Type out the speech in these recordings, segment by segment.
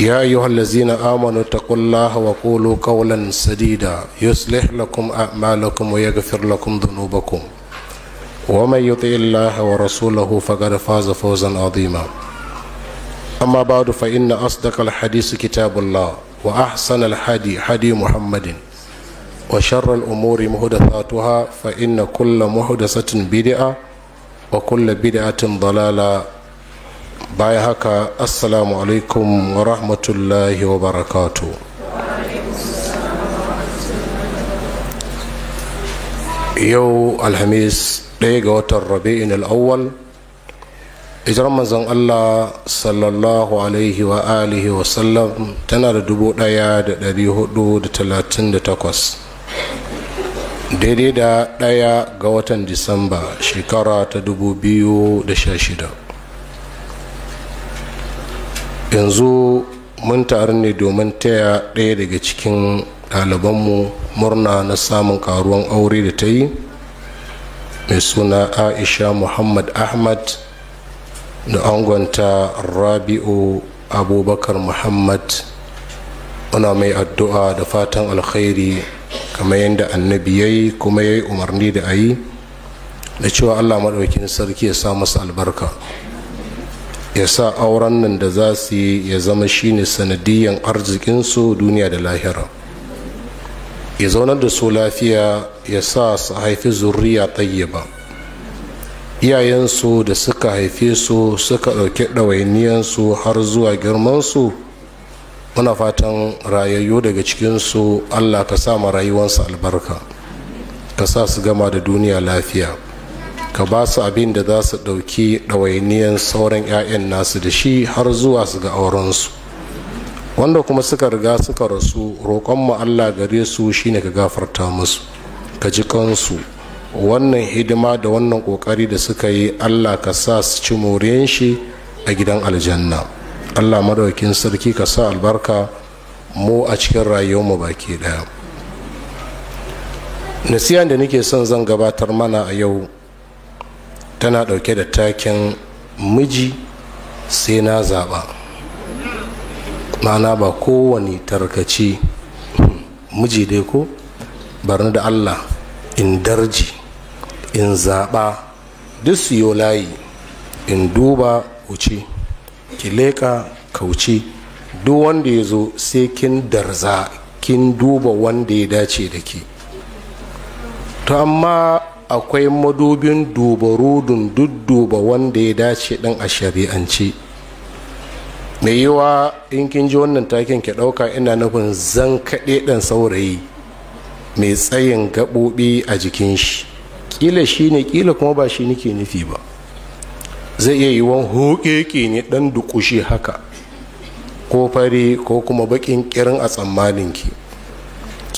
يا أيها الذين آمنوا اتقوا الله وقولوا قولا سديدا يصلح لكم أعمالكم ويغفر لكم ذنوبكم ومن يطع الله ورسوله فقد فاز فوزا عظيما أما بعد فإن أصدق الحديث كتاب الله وأحسن الحدي حدي محمد وشر الأمور محدثاتها فإن كل محدثة بدعة وكل بدعة ضلالة baya haka assalamu alaikum wa rahmatullahi wa barakatu yau alhamis ɗaya ga watan rabi'in al'awwal ijiran manzon allah sallallahu alaihi wa alihi wa sallam tana da dubu ɗaya da ɗari hudu da talatin da takwas daidai da ɗaya ga watan disamba shekara ta dubu biyu da sha shida yanzu mun taru ne domin taya ɗaya daga cikin ɗalibanmu murna na samun karuwan aure da ta yi mai suna aisha muhammad ahmad da angonta rabi'u abubakar muhammad muna mai addu'a da fatan alkhairi kamar yadda annabi ya yi kuma ya yi umarni da a yi da cewa allah maɗaukin sarki ya sa masa albarka ya sa auren nan da za su yi ya zama shi ne sanadiyyar arzikinsu duniya da lahira ya zaunar da su lafiya ya sa su haifi zurriya ba iyayensu da suka haife su suka ɗauki ɗawainiyansu har zuwa girmansu muna fatan rayayyu daga cikinsu allah ka sa ma rayuwansu albarka ka sa su gama da duniya lafiya ka ba su abin da za su ɗauki ɗawainiyan sauran 'ya'yan nasu da shi har zuwa su ga aurensu wanda kuma suka riga suka rasu roƙonmu allah gare su shine ka gafarta musu ka ji kansu wannan hidima da wannan ƙoƙari da suka yi allah ka sa su ci moriyan shi a gidan aljanna allah madaukin sarki ka sa albarka mu a cikin rayuwarmu baki ɗaya nasiyan da nake son zan gabatar mana a yau tana ɗauke da taken miji sai na zaɓa ma'ana ba kowane tarkaci hmm, miji dai ko barni da allah in darji in zaɓa duk su yi layi in duba wuce ki leƙa wuce duk wanda ya zo sai kin darza kin duba wanda ya dace da ke to amma akwai madubin dubarudun dudduba wanda ya dace ɗin a shari'ance mai yiwa in kin ji wannan takin ki ɗauka ina nufin zan kaɗe ɗan saurayi mai tsayin gaɓoɓi a jikin shi ƙila shi ne ƙila kuma ba shi nike nufi ba zai iya hoƙe hoƙeƙe ne ɗan duƙushi haka ko fari ko kuma baƙin ƙirin a tsammaninki ki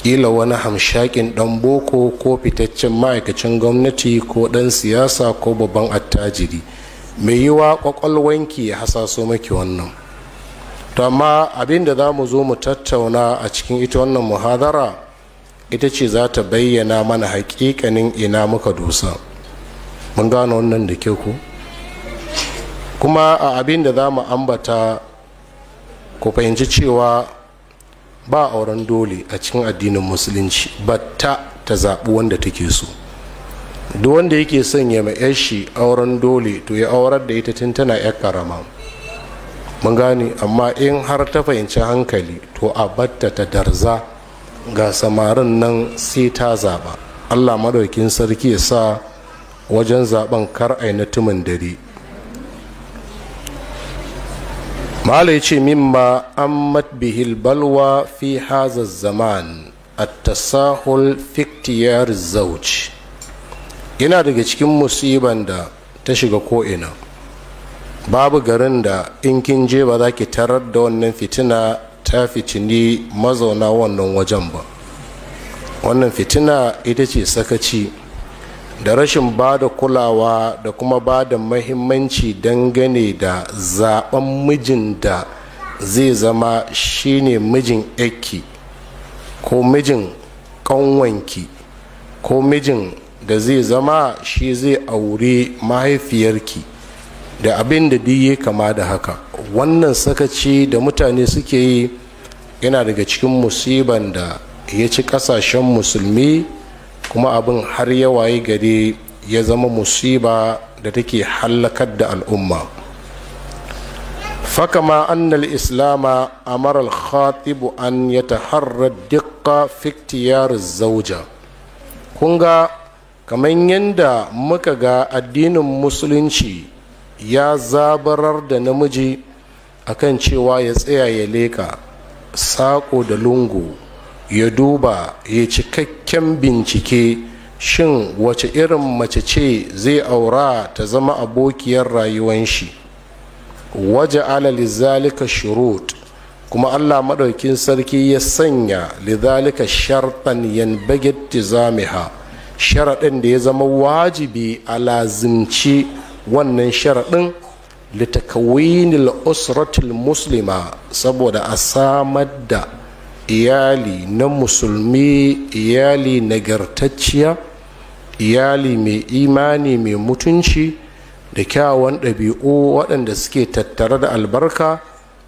kila wani hamshakin dan boko ko fitaccen ma'aikacin gwamnati ko dan siyasa ko babban attajiri mai yiwa kwakwalwanki ya hasaso maki wannan to amma abin da za mu zo mu tattauna a cikin ita wannan muhadara ita ce za ta bayyana mana hakikanin ina muka dosa mun gano wannan da ke ku kuma a abin da za mu ambata ku fahimci cewa ba auren dole a cikin addinin musulunci ba ta ta zaɓi wanda take so duk wanda yake son ya mai shi auren dole to ya aurar da ita tun tana yar karama mun gane amma in har ta fahimci hankali to a batta ta darza ga samarin nan sai ta zaɓa allah maɗaukin sarki ya sa wajen zaɓen kar a tumin dare mala ya ce mimma an matbihil balwa fi haza zaman a tasahul fiktiyar zauci. yana daga cikin musiban da ta shiga ko'ina babu garin da in kin je ba za ki tarar da wannan fitina ta fitini mazauna wannan wajen ba wannan fitina ita ce sakaci da rashin ba da kulawa da kuma ba da mahimmanci dangane da zaben mijin da zai zama shine mijin yaki ko mijin kanwanki ko mijin da zai zama shi zai aure mahaifiyarki da abin da duk kama da haka wannan sakaci da mutane suke yi yana daga cikin musiban da ya ci kasashen musulmi kuma abin har ya waye gari ya zama musiba da take hallakar da al'umma fakama annal islama amaral khatibu an ya taharra dukka fiktiyar zauja kunga kamar yadda muka ga addinin musulunci ya zabarar da namiji akan cewa ya tsaya ya leka sako da lungu ya duba ya cikakken bincike shin wace irin mace ce zai aura ta zama abokiyar rayuwan shi waje lizalika shurut kuma allah maɗaukin sarki ya sanya lizalika shartan bagetti zamiha sharaɗin da ya zama wajibi a lazimci wannan sharaɗin litakawinil usratil muslima saboda a samar da iyali na musulmi iyali nagartacciya iyali mai imani mai mutunci da kyawawan ɗabi'u waɗanda suke tattare da albarka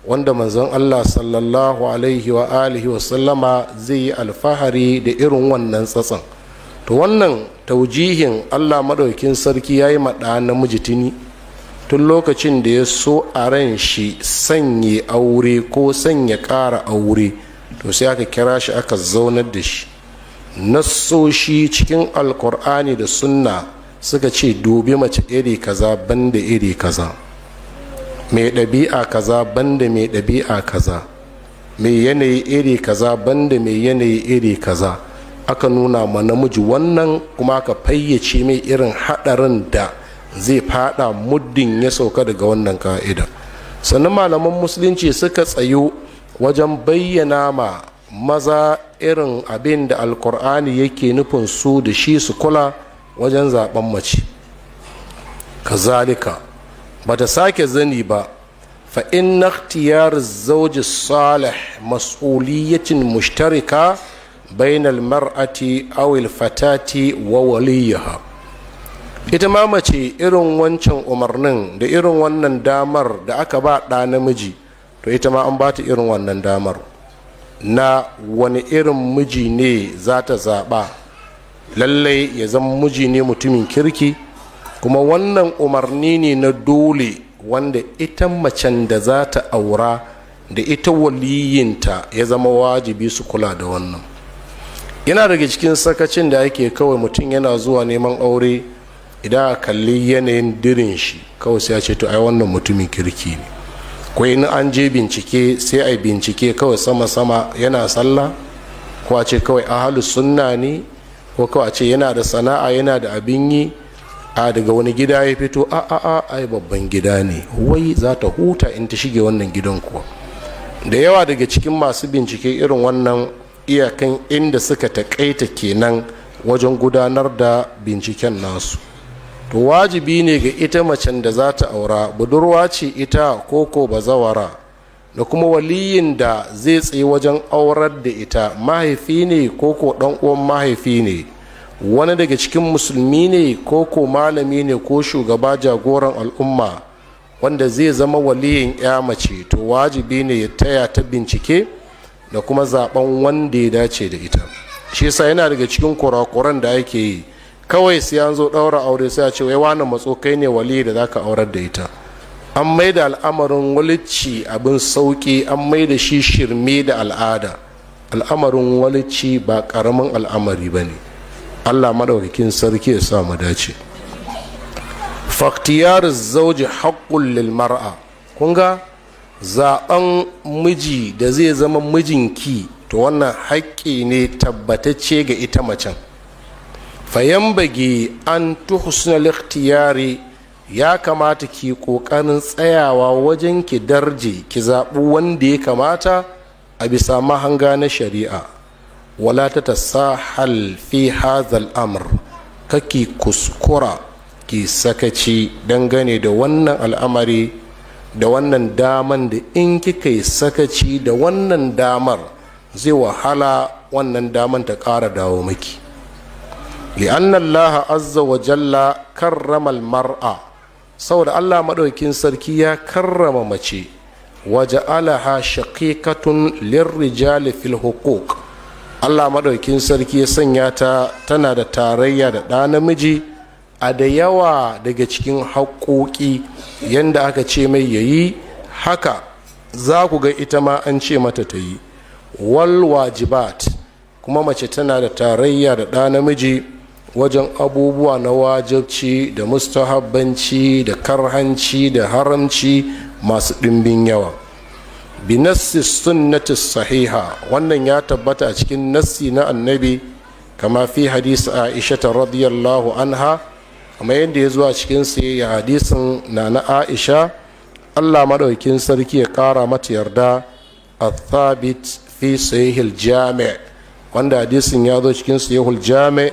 wanda manzon allah sallallahu alaihi wa alihi sallama zai yi alfahari da irin wannan tsatsan to wannan taujihin allah maɗaukin sarki ya yi maɗa namiji tuni tun lokacin da ya so a ran shi sanya aure ko sanya ƙara aure to sai aka kira shi aka zaunar da shi nassoshi cikin alkur'ani da sunna suka ce dubi mace iri kaza banda iri kaza mai ɗabi'a kaza banda mai ɗabi'a kaza mai yanayi iri kaza banda mai yanayi iri kaza aka nuna ma namiji wannan kuma aka fayyace mai irin haɗarin da zai fada muddin ya sauka daga wannan ka'ida sannan malaman musulunci suka tsayo wajen bayyana ma maza irin abin da alkur'ani yake nufin su da shi su kula wajen zaben mace kazalika ba ta sake zani ba fa inna ikhtiyar zauji salih mas'uliyatin mushtarika bainal mar'ati awil fatati wa waliyaha ita ma mace irin wancan umarnin da irin wannan damar da aka ba ɗa namiji to ita ma an ba ta irin wannan damar na wani irin miji ne za ta zaɓa lallai ya zama miji ne mutumin kirki kuma wannan umarni ne na dole wanda ita macen da za ta aura da ita waliyinta ya zama wajibi su kula da wannan yana daga cikin sakacin da ake kawai mutum yana zuwa neman aure idan a kalli yanayin dirin shi kawai sai ya ce to ai wannan mutumin kirki ne akwai in an je bincike sai a bincike kawai sama-sama yana sallah ko a ce kawai ahalu sunna ne ko kawai ce yana da sana'a yana da abin yi a daga wani gida ya fito a a a ai babban gida ne wai za ta huta in ta shige wannan gidan kuwa da yawa daga cikin masu bincike irin wannan iyakan inda suka taƙaita kenan wajen gudanar da binciken nasu to wajibi ne ga ita macen da za ta aura budurwa ce ita koko zawara, da kuma waliyin da zai tsaye wajen aurar da ita mahaifi ne koko dan uwan mahaifi ne wani daga cikin musulmi ne koko malami ne ko shugaba jagoran al'umma wanda zai zama waliyin ya mace to wajibi ne ya taya ta bincike da kuma zaben wanda ya dace da ita shi yasa yana daga cikin kurakuran da ake yi kawai sai an zo ɗaura aure sai a ce wai wani matso kai ne wali da za ka aurar da ita an mai da al'amarin walici abin sauƙi an mai da shi shirme da al'ada al'amarin walici ba ƙaramin al'amari ba ne allah maɗaukakin sarki ya sa mu dace faktiyar zauji haƙƙun lilmara. kun ga zaɓen miji da zai zama mijinki to wannan haƙƙi ne tabbatacce ga ita macen bagi an tuhusna likhtiyari ya kamata ki kokarin tsayawa wajen ki darje ki zaɓi wanda ya kamata a bisa mahanga na shari'a wala ta tasahal fi hazal amr kaki kuskura ki sakaci dangane da wannan al'amari da wannan daman da in kika yi sakaci da wannan damar zai wahala wannan daman ta ƙara dawo maki. li'an Allah azza wa jalla karramal mar'a saboda Allah maɗaukin sarki ya karrama mace waje alaha shaqiqatun lirrijali fil huquq Allah maɗaukin sarki ya sanya ta tana da tarayya da ɗa namiji a da yawa daga cikin haƙoƙi yanda aka ce mai yayi haka za ku ga ita ma an ce mata ta yi wal wajibat kuma mace tana da tarayya da ɗa namiji wajen abubuwa na wajabci da mustahabbanci da karhanci da haramci masu ɗimbin yawa binassi sunnati sahiha wannan ya tabbata a cikin nassi na annabi kama fi hadisi aisha radiyallahu anha kama yadda ya zuwa cikin sayayya hadisin na na aisha allah maɗaukin sarki ya kara mata yarda a thabit fi sahihil jami' wanda hadisin ya zo cikin sahihul jami'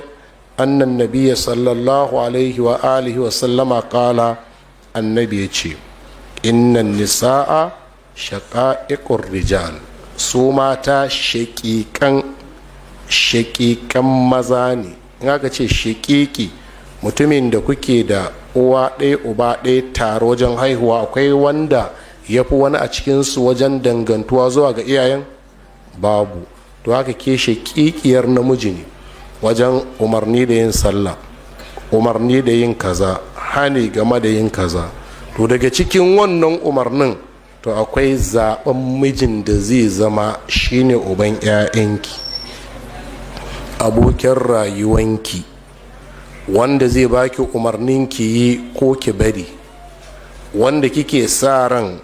annan nabiya sallallahu alaihi wa alihi wa sallama kala annabi ce innan nisa'a shaƙa'iƙun rijal su mata shaƙiƙan shaƙiƙan maza ne in aka ce shaƙiƙi mutumin da kuke da uwa ɗaya uba ɗaya tare wajen haihuwa akwai wanda ya fi wani a cikinsu wajen dangantuwa zuwa ga iyayen babu to haka ke shaƙiƙiyar namiji ne wajen umarni da yin sallah umarni da yin kaza hani game da yin kaza to daga cikin wannan umarnin to akwai zaben mijin da zai zama shine uban 'ya'yanki abokin rayuwanki wanda zai baki umarnin ki yi ko ki bari wanda kike sa ran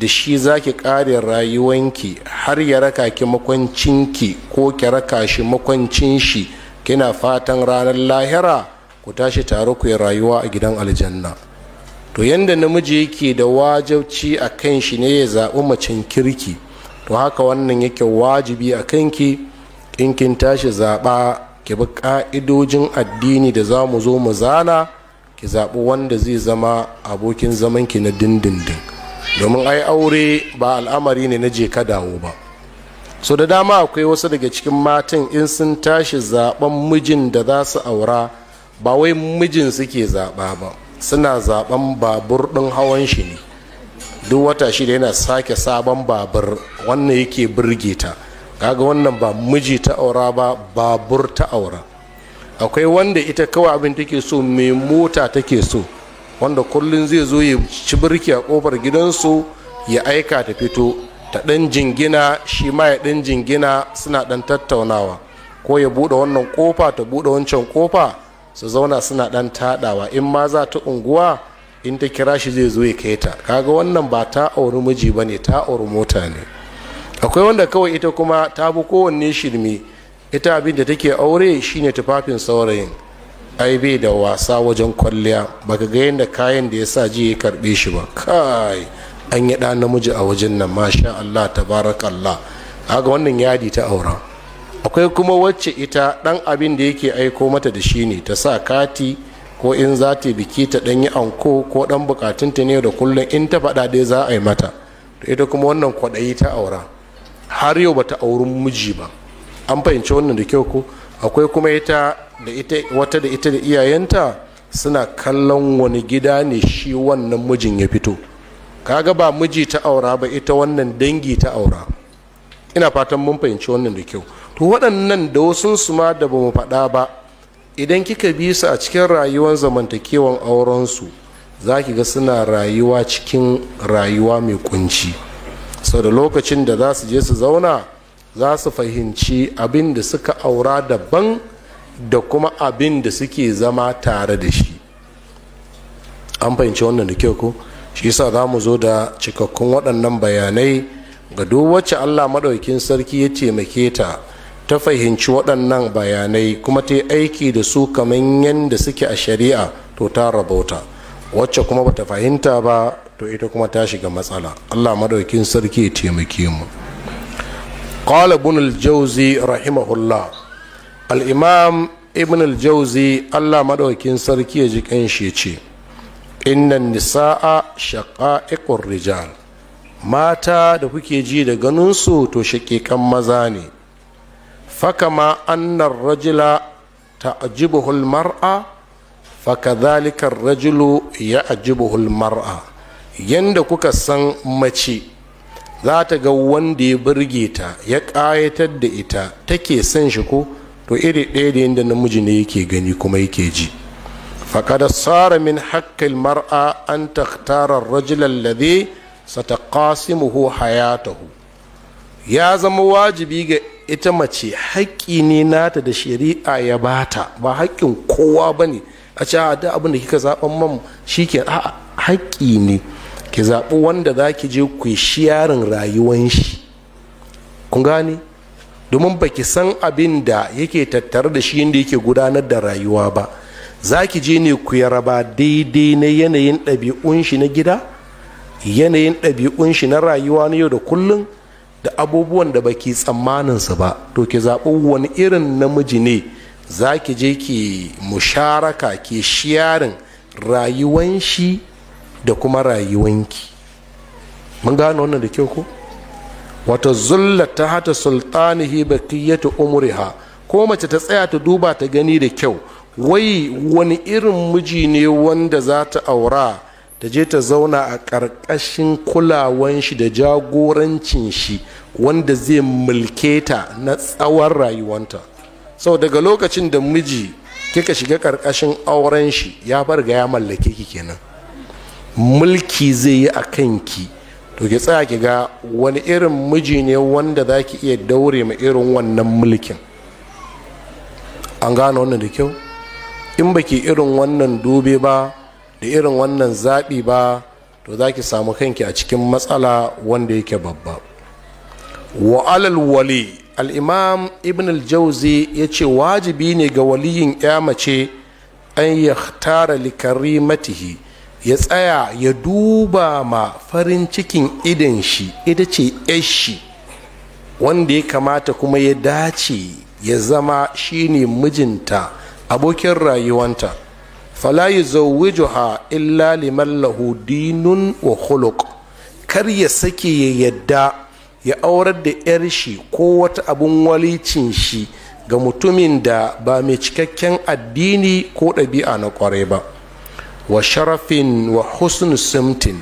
da shi za ki kare rayuwanki har ya raka ki makwancinki ko ki raka shi makwancin shi kina fatan ranar lahira ku tashi tare ku yi rayuwa a gidan aljanna to yanda namiji yake da wajabci a kan shi ne ya zaɓi macen kirki to haka wannan yake wajibi a kanki in kin tashi zaɓa ki bi ƙa'idojin addini da za mu zo mu zana ki zaɓi wanda zai zama abokin zamanki na dindindin domin ai aure ba al'amari ne na je ka dawo ba so da dama akwai wasu daga cikin matan in sun tashi zaben mijin da za su aura ba wai mijin suke zaɓa ba suna zaben babur ɗin hawan shi ne duk wata shida yana sake sabon babur wannan yake birge ta kaga wannan ba miji ta aura ba babur ta aura akwai wanda ita kawai abin take so mai mota take so wanda kullum zai zo ya ci birki a kofar gidansu ya aika ta fito ta ɗan jingina shi ma ya ɗan jingina suna ɗan tattaunawa ko ya buɗe wannan kofa ta buɗe wancan kofa su zauna suna ɗan taɗawa in ma za ta unguwa in ta kira shi zai zo ya kai ta kaga wannan ba ta auri miji bane ta auri mota ne akwai wanda kawai ita kuma ta bi kowanne shirme ita abin da take aure shine tufafin saurayin ai bai da wasa wajen kwalliya baka ga yadda kayan da ya sa ji ya karɓe shi ba kai an yi ɗa namiji a wajen nan masha Allah Allah kaga wannan yadi ta aura akwai kuma wacce ita ɗan abin da yake aiko mata da shi ne ta sa kati ko in za ta biki ta ɗan yi anko ko ɗan bukatunta ne da kullum in ta faɗa dai za a yi mata ita kuma wannan kwaɗayi ta aura har yau bata auren miji ba an fahimci wannan da kyau ko akwai kuma ita da ita wata da ita da iyayenta suna kallon wani gida ne shi wannan mijin ya fito kaga ba miji ta aura ba ita wannan dangi ta aura ina fatan mun fahimci wannan da kyau to waɗannan da wasu su ma da ba mu faɗa ba idan kika bi su a cikin rayuwar zamantakewan aurensu za ki ga suna rayuwa cikin rayuwa mai kunci sau da lokacin da za su je su zauna za su fahimci abin da suka aura daban da kuma abin da suke zama tare da shi an fahimci wannan da kyau ko shi yasa za mu zo da cikakkun waɗannan bayanai ga duk wacce allah maɗaukin sarki ya taimake ta ta fahimci waɗannan bayanai kuma ta yi aiki da su kamar yadda suke a shari'a to ta rabauta wacce kuma bata fahimta ba to ita kuma ta shiga matsala allah maɗaukin sarki ya taimake mu قال ابن الجوزي al الله Allah allah Sarki ya ji سركي يجي ce. innan nisa'a shaqa'iqur rijal mata da kuke ji da ganinsu to shaƙiƙan maza ne fakama annar rajula ta'jibuhul mar'a fakadhalika ar-rajulu ya'jibuhul mar'a yanda kuka san mace za ta ga wanda ya burge ta ya ƙayatar da ita take son shi ko to iri ɗaya da yadda namiji ne yake gani kuma yake ji فقد صار من حق المرأة أن تختار الرجل الذي ستقاسمه حياته ya zama wajibi ga ita mace haƙƙi ne nata da shari'a ya bata ba haƙƙin kowa ba ne a ce da abin da kika zaɓen man shi ke a haƙƙi ne ki zaɓi wanda za ki je ku shiyarin rayuwan shi kun gane domin ba ki san abin da yake tattare da shi yadda yake gudanar da rayuwa ba za ki je ne ku yaraba daidai na yanayin ɗabi'un shi na gida yanayin ɗabi'un shi na rayuwa na yau da kullum da abubuwan da baki su ba to ki zaɓi wani irin namiji ne za ki je ki musharaka ke shiyarin rayuwan shi da kuma rayuwanki mun gano wannan da kyau ko wata zulla ta hata sultanihi baqiyatu umriha ko mace ta tsaya ta duba ta gani da kyau wai wani irin miji ne wanda za ta aura ta je ta zauna a ƙarƙashin kulawan shi da jagorancin shi wanda zai mulke ta na tsawon rayuwanta sau daga lokacin da miji kika shiga ƙarƙashin auren shi ya farga ya mallake ki kenan mulki zai yi a kanki to ki tsaya ki ga wani irin miji ne wanda za ki iya daure ma irin wannan mulkin an gano wannan da kyau in baki irin wannan dube ba da irin wannan zaɓi ba to za ki samu kanki a cikin matsala wanda yake babba wa alal wali al'imam ibn al-jauzi ya ce wajibi ne ga waliyin ya mace an ya tara likarimatihi ya tsaya ya duba ma farin cikin idan shi ita ce shi wanda ya kamata kuma ya dace ya zama shine mijinta abokin rayuwanta fala Juha, illa liman lahu dinun wa khuluq kar ya sake ya yadda ya aurar da yar shi ko wata abun walicin shi ga mutumin da ba mai cikakken addini ko ɗabi'a na ƙwarai ba wa sharafin wa husn simtin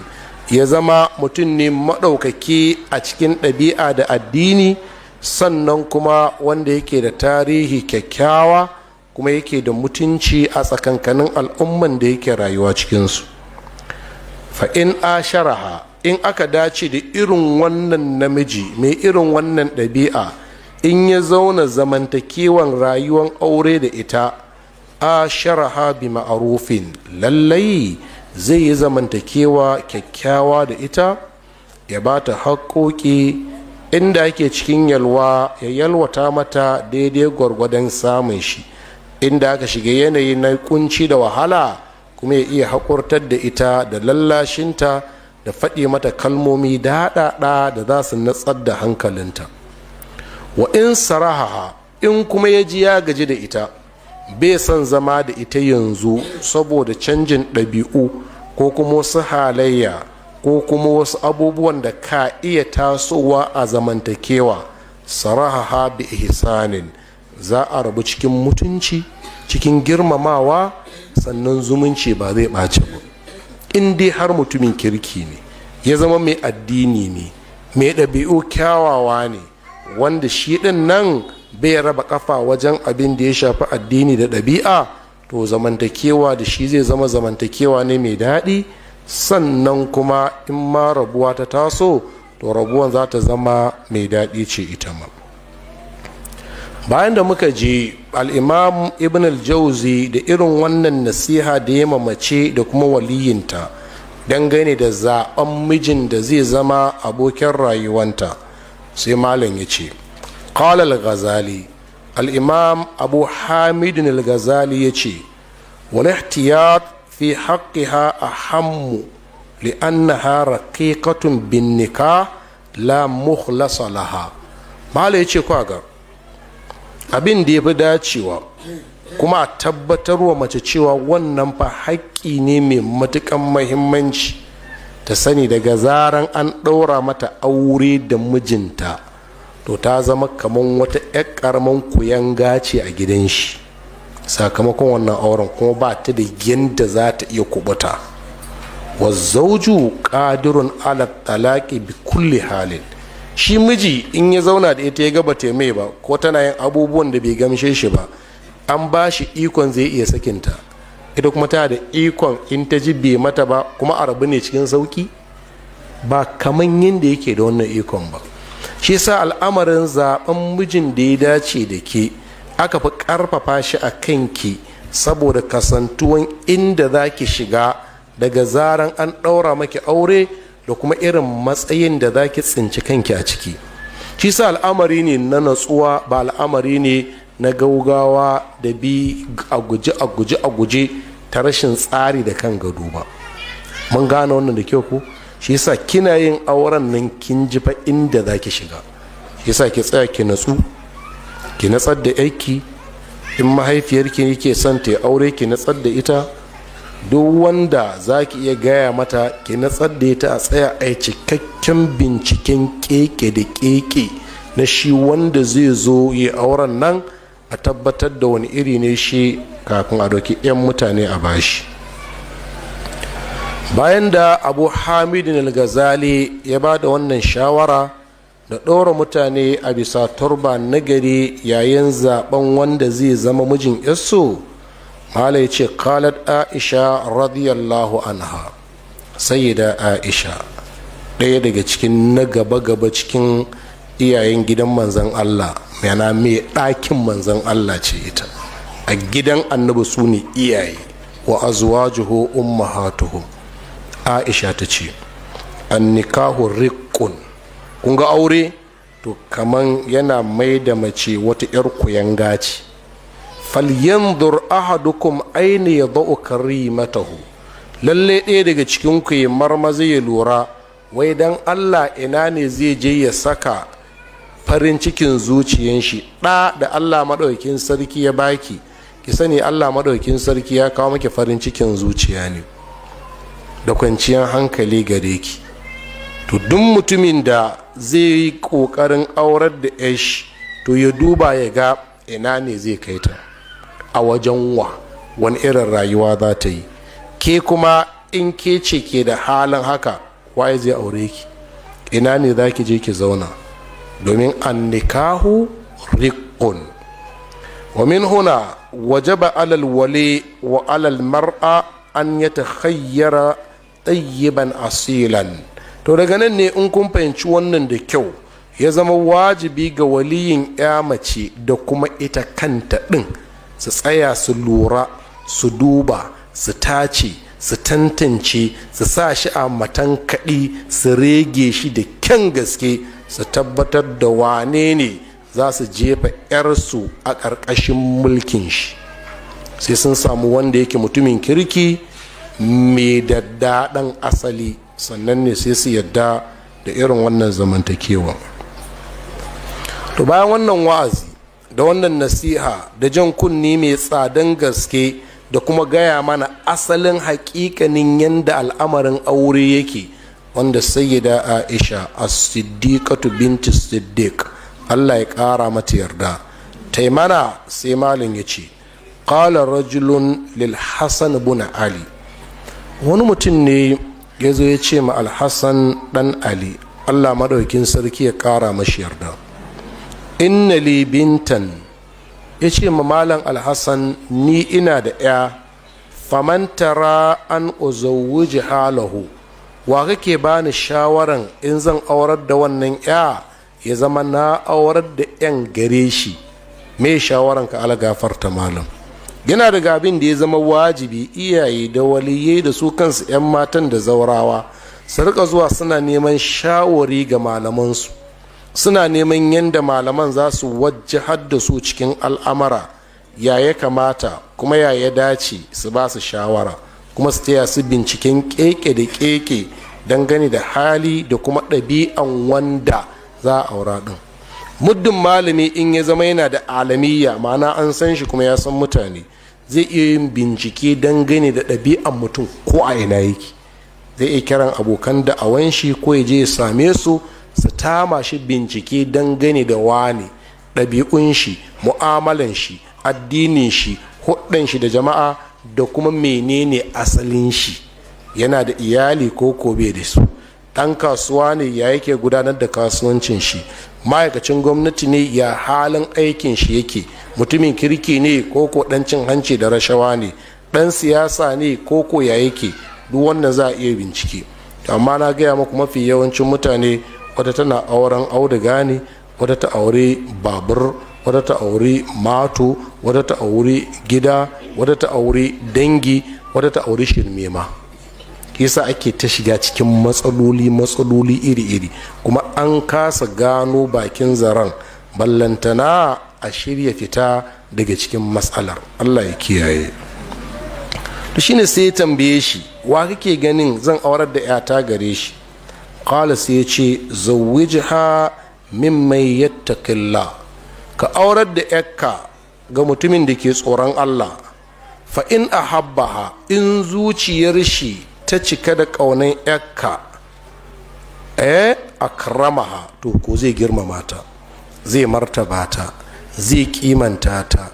ya zama mutum ne maɗaukaki a cikin ɗabi'a da addini sannan kuma wanda yake da tarihi kyakkyawa kuma yake da mutunci a tsakankanin al'umman da yake rayuwa cikinsu fa in asharaha in aka dace da irin wannan namiji mai irin wannan ɗabi'a in ya zauna zamantakewan rayuwan aure da ita asharaha bi ma'arufin lallai zai yi zamantakewa kyakkyawa da ita ya ba ta haƙoƙi inda ake cikin yalwa ya yalwata mata daidai gwargwadon samun shi inda aka shiga yanayi na kunci da wahala kuma ya iya haƙurtar da ita da lallashinta da faɗi mata kalmomi daɗaɗa da za su natsar da hankalinta wa in sarahaha in kuma ya ji ya gaji da ita bai son zama da ita yanzu saboda canjin ɗabi'u ko kuma wasu halayya ko kuma wasu abubuwan da ka iya tasowa a zamantakewa sarahaha bi ihsanin za a rabu cikin mutunci cikin girmamawa sannan zumunci ba zai ɓace ba in dai har mutumin kirki ne ya zama mai addini ne mai ɗabi'u kyawawa ne wanda shi ɗin nan bai raba ƙafa wajen abin da ya shafi addini da ɗabi'a to zamantakewa da shi zai zama zamantakewa ne mai daɗi sannan kuma in ma rabuwa ta taso to rabuwan za ta zama mai daɗi ce ita ma bayan da muka je al'imam ibn al-jauzi da irin wannan nasiha da ya mamace da kuma waliyinta dangane da zaɓen mijin da zai zama abokin rayuwanta sai malam ya ce qala al-ghazali al'imam imam abu hamidin al-ghazali ya ce wani ihtiyat fi haqqiha ahammu li'annaha raqiqatun bin la muhlasa laha malam ya ce ko abin da ya fi dacewa kuma a tabbatar wa mace cewa wannan fa haƙƙi ne mai matuƙan mahimmanci ta sani daga zaran an ɗaura mata aure da mijinta to ta zama kamar wata 'yar ƙaramin kuyanga ce a gidan shi sakamakon wannan auren kuma ba ta da yadda za ta iya kubuta wa zauju ƙadirun ala talaki bi kulli halin shi miji in ya zauna da ita ya gaba taimai ba ko tana yin abubuwan da bai gamshe shi ba an ba shi ikon zai iya sakinta ita kuma tana da ikon in ta ji bai mata ba kuma a rabu ne cikin sauki ba kaman da yake da wannan ikon ba shi sa al'amarin zaben mijin da ya dace da ke aka fi karfafa shi a kanki saboda kasantuwan inda za ki shiga daga zaran an ɗaura maki aure da kuma irin matsayin da za ki tsinci kanki a ciki shi sa al'amari ne na natsuwa ba al'amari ne na gaugawa da bi a guje a guje a guje ta rashin tsari da kan gado ba mun gane wannan da kyau ku shi yasa kina yin auren nan kin ji fa inda za ki shiga shi yasa ki tsaya ki natsu ki natsar da aiki in mahaifiyarki yake son ta aure ki natsar da ita duk wanda za ki iya gaya mata ki natsar da ta a tsaya a cikakken binciken keke da keke na shi wanda zai zo ya auren nan a tabbatar da wani iri ne shi kafin a doki 'yan mutane a bashi bayan da abu Hamidu al gazali ya ba da wannan shawara da ɗora mutane a bisa turba nagari yayin zaben wanda zai zama mijin yasu malai ce qalat aisha radiyallahu anha sayyida aisha ɗaya daga cikin na gaba-gaba cikin iyayen gidan manzan allah yana mai ɗakin manzan allah ce ita a gidan annabi su ne iyaye wa umma ummahatuhum aisha ta ce an nikahu riqqun kun ga aure to kaman yana mai da mace wata 'yar kuyanga ce falyanzur ahadukum aini ya za'u karimatahu lalle ɗaya daga cikin ku ya marmaza ya lura wai dan allah ina ne zai je ya saka farin cikin zuciyan shi ɗa da allah maɗaukin sarki ya baki ki sani allah maɗaukin sarki ya kawo maki farin cikin zuciya ne da kwanciyar hankali gare ki to duk mutumin da zai yi ƙoƙarin aurar da ash to ya duba ya ga ina ne zai kai ta a wajen wa wani irin rayuwa za ta yi ke kuma in ke ce ke da halin haka waye zai aure ki ina ne za ki je ki zauna domin an nikahu riƙun wa min huna wajaba alal wale wa alal mar'a an ya ta hayyara asilan to daga nan ne in kun fahimci wannan da kyau ya zama wajibi ga waliyin ya mace da kuma ita kanta ɗin su tsaya su lura su duba su tace su tantance su sa shi a matan kaɗi su rege shi da kyan gaske su tabbatar da wane ne za su jefa 'yarsu a ƙarƙashin mulkin shi sai sun samu wanda yake mutumin kirki mai daddaɗan asali sannan ne sai su yadda da irin wannan zamantakewa to bayan wannan wa'azi da wannan nasiha da jan kunni mai tsadan gaske da kuma gaya mana asalin hakikanin yadda al'amarin aure yake wanda sayyida aisha as-siddiqatu binti siddiq allah ya ƙara mata yarda taimana sai malin ya ce ƙalar rajulun lil hassan buna ali wani mutum ne ya zo ya ce ma alhassan ɗan ali allah maɗaukin sarki ya ƙara mashi yarda inna li bintan ya ce ma malam alhassan ni ina da ya famantara an uzawuji halahu wa kake bani shawaran in zan aurar da wannan ya ya zama na aurar da yan gare shi mai shawaran ka algafarta malam yana da gabin da ya zama wajibi iyaye da waliyai da su kansu 'yan matan da zaurawa su rika zuwa suna neman shawari ga malamansu suna neman yadda malaman za su wajji da su cikin al'amara ya ya kamata kuma ya ya dace su ba su shawara kuma su taya su binciken keke da keke dangane da hali da kuma ɗabi'an wanda za a aura ɗin muddin malami in ya zama yana da alamiya ma'ana an san shi kuma ya san mutane zai iya yin bincike dangane da ɗabi'an mutum ko a ina yake zai iya kiran abokan da'awan shi ko ya je ya same su su tama shi bincike don gani da wane ɗabi'un shi mu'amalan shi addinin shi hudun shi da jama'a da kuma menene asalin shi yana da iyali ko kobe da su ɗan kasuwa ne ya yake gudanar da kasuwancin shi ma'aikacin gwamnati ne ya halin aikin shi yake mutumin kirki ne ko ko ɗan hanci da rashawa ne ɗan siyasa ne ko ko ya yake duk wannan za a iya bincike amma na gaya muku mafi yawancin mutane wata tana auren auduga ne wata ta aure babur wata ta aure mato wata ta aure gida wata ta aure dangi wata ta aure shirme ma yasa ake ta shiga cikin matsaloli matsaloli iri-iri kuma an kasa gano bakin zaren ballantana a shirya fita daga cikin matsalar allah ya kiyaye to shine sai ya tambaye shi wa kake ganin zan aurar da 'yata gare shi qala sai ya ce zawwijha mimman yattaqilla ka aurar da yakka ga mutumin da ke tsoron Allah fa in ahabbaha in zuciyar shi ta cika da ƙaunan yakka eh akramaha to ko zai girmama ta zai martaba ta zai kimanta ta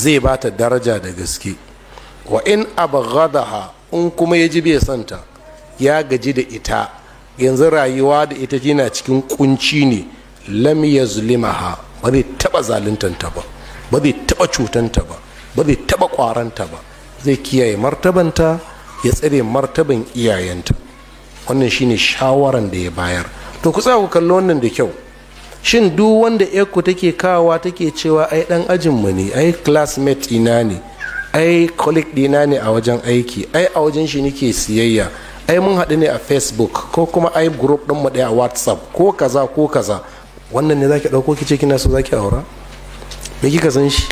zai ba ta daraja da gaske wa in abghadaha in kuma ya ji bai santa ya gaji da ita yanzu rayuwa da ita jina cikin kunci ne lam yazlimaha ba zai taba zaluntanta ba ba zai taba cutanta ba ba zai taba kwaranta ba zai kiyaye martabanta ya tsare martaban iyayenta wannan shine shawaran da ya bayar to ku ku kalli wannan da kyau shin duk wanda ku take kawa take cewa ai dan ajinmu ne ai classmate ina ne ai colleague dina ne a wajen aiki ai a wajen shi nake siyayya ai mun haɗu ne a facebook ko kuma ai group ɗin mu ɗaya a whatsapp ko kaza ko kaza wannan ne zaki ɗauko kice kina so zaki aura me kika san shi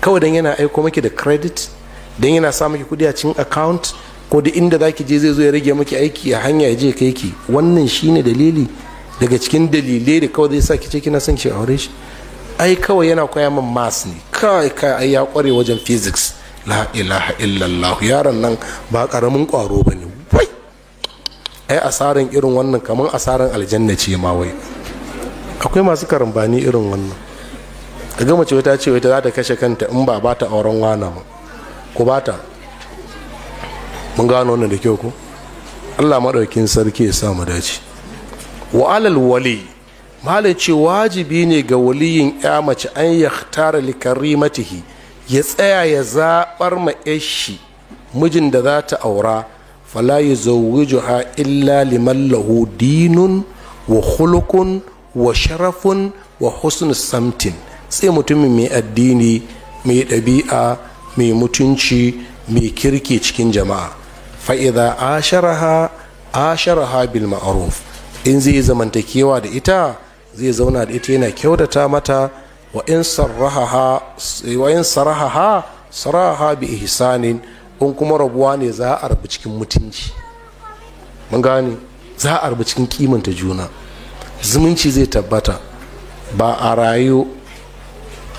kawai dan yana aiko maki da credit dan yana sa miki kuɗi a cikin account ko da inda zaki je zai zo ya rage maki aiki a hanya ya je kai ki wannan shine dalili daga cikin dalilai da kawai zai sa kice kina son ki aure shi ai kawai yana koya min maths ne kai kai ai ya kware wajen physics la ilaha illallah yaron nan ba karamin kwaro ba ne wai ai asaran irin wannan kamar asaran aljanna ce ma wai akwai masu karambani irin wannan ka mace ce wata ce wata za ta kashe kanta in ba ba ta auren wana ma ko ba ta mun gano wannan da kyau ko Allah madaukin sarki ya sa mu dace wa alal wali malai ce wajibi ne ga waliyin ya mace an ya tara likarimatihi ya tsaya ya zaɓar ma mijin da za ta aura fala ya zawwijuha illa liman lahu dinun wa hulukun wa sharafun wa husn samtin sai mutumin mai addini mai ɗabi'a mai mutunci mai kirki cikin jama'a fa'iza asharaha asharaha bil ma'aruf in zai zamantakewa da ita zai zauna da ita yana kyautata mata wa in sarahaha sarahaha bi ihsanin in kuma rabuwa ne za a rabu cikin mutunci mun gane za a rabu cikin kimanta juna zumunci zai tabbata ba a rayu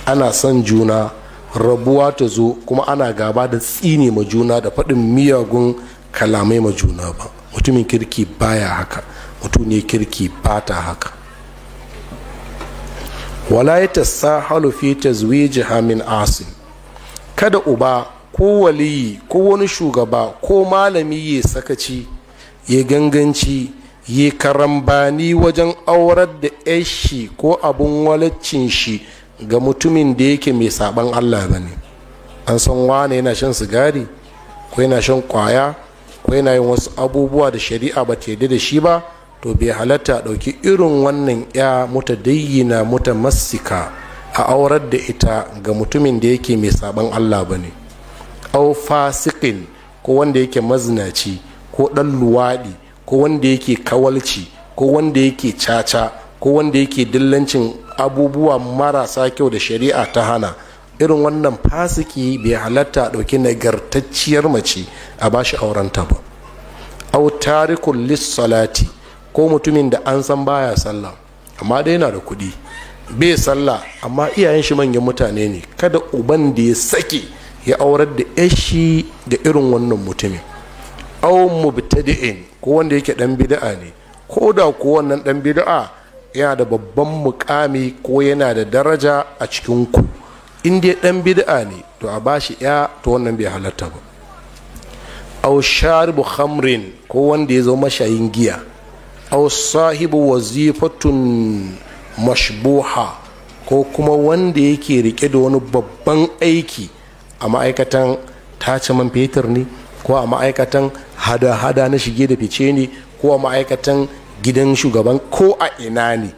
ana son juna rabuwa ta zo kuma ana gaba da tsine ma juna da faɗin miyagun kalamai ma juna ba mutumin kirki baya haka mutum ne kirki bata haka wala ya tasahalu fi tazwijiha min asin kada uba ko waliyi ko wani shugaba ko malami ya sakaci ya ganganci ya karambani wajen aurar da shi ko abun walaccin shi ga mutumin da yake mai saban allah ba ne an san wane yana shan sigari ko yana shan kwaya ko yana yin wasu abubuwa da shari'a ba ta yarda da shi ba to bai halatta ɗauki irin wannan ya muta masika a aurar da ita ga mutumin da yake mai saban Allah ba ne au fasikin ko wanda yake mazinaci ko ɗan luwaɗi ko wanda yake kawalci ko wanda yake caca ko wanda yake dillancin abubuwa marasa kyau da shari'a ta hana irin wannan fasiki bai halatta ɗauki nagartacciyar mace a bashi aurenta ba au tarikul lissalati ko mutumin da an san baya sallah amma dai yana da kuɗi bai sallah amma iyayen shi manyan mutane ne kada uban da ya sake ya aurar da shi da irin wannan mutumin aw mubtadi'in ko wanda yake dan bid'a ne ko da ko wannan dan bid'a yana da babban mukami ko yana da daraja a cikin ku in dai dan bid'a ne to a bashi ya to wannan bai halatta ba au sharibu khamrin ko wanda ya zo mashayin giya aw sahibu wazifatun mashbuha ko kuma wanda yake rike da wani babban aiki a ma'aikatan tace man fetur ne ko a ma'aikatan hada-hada na shige da fice ne ko a ma'aikatan gidan shugaban ko a ina ne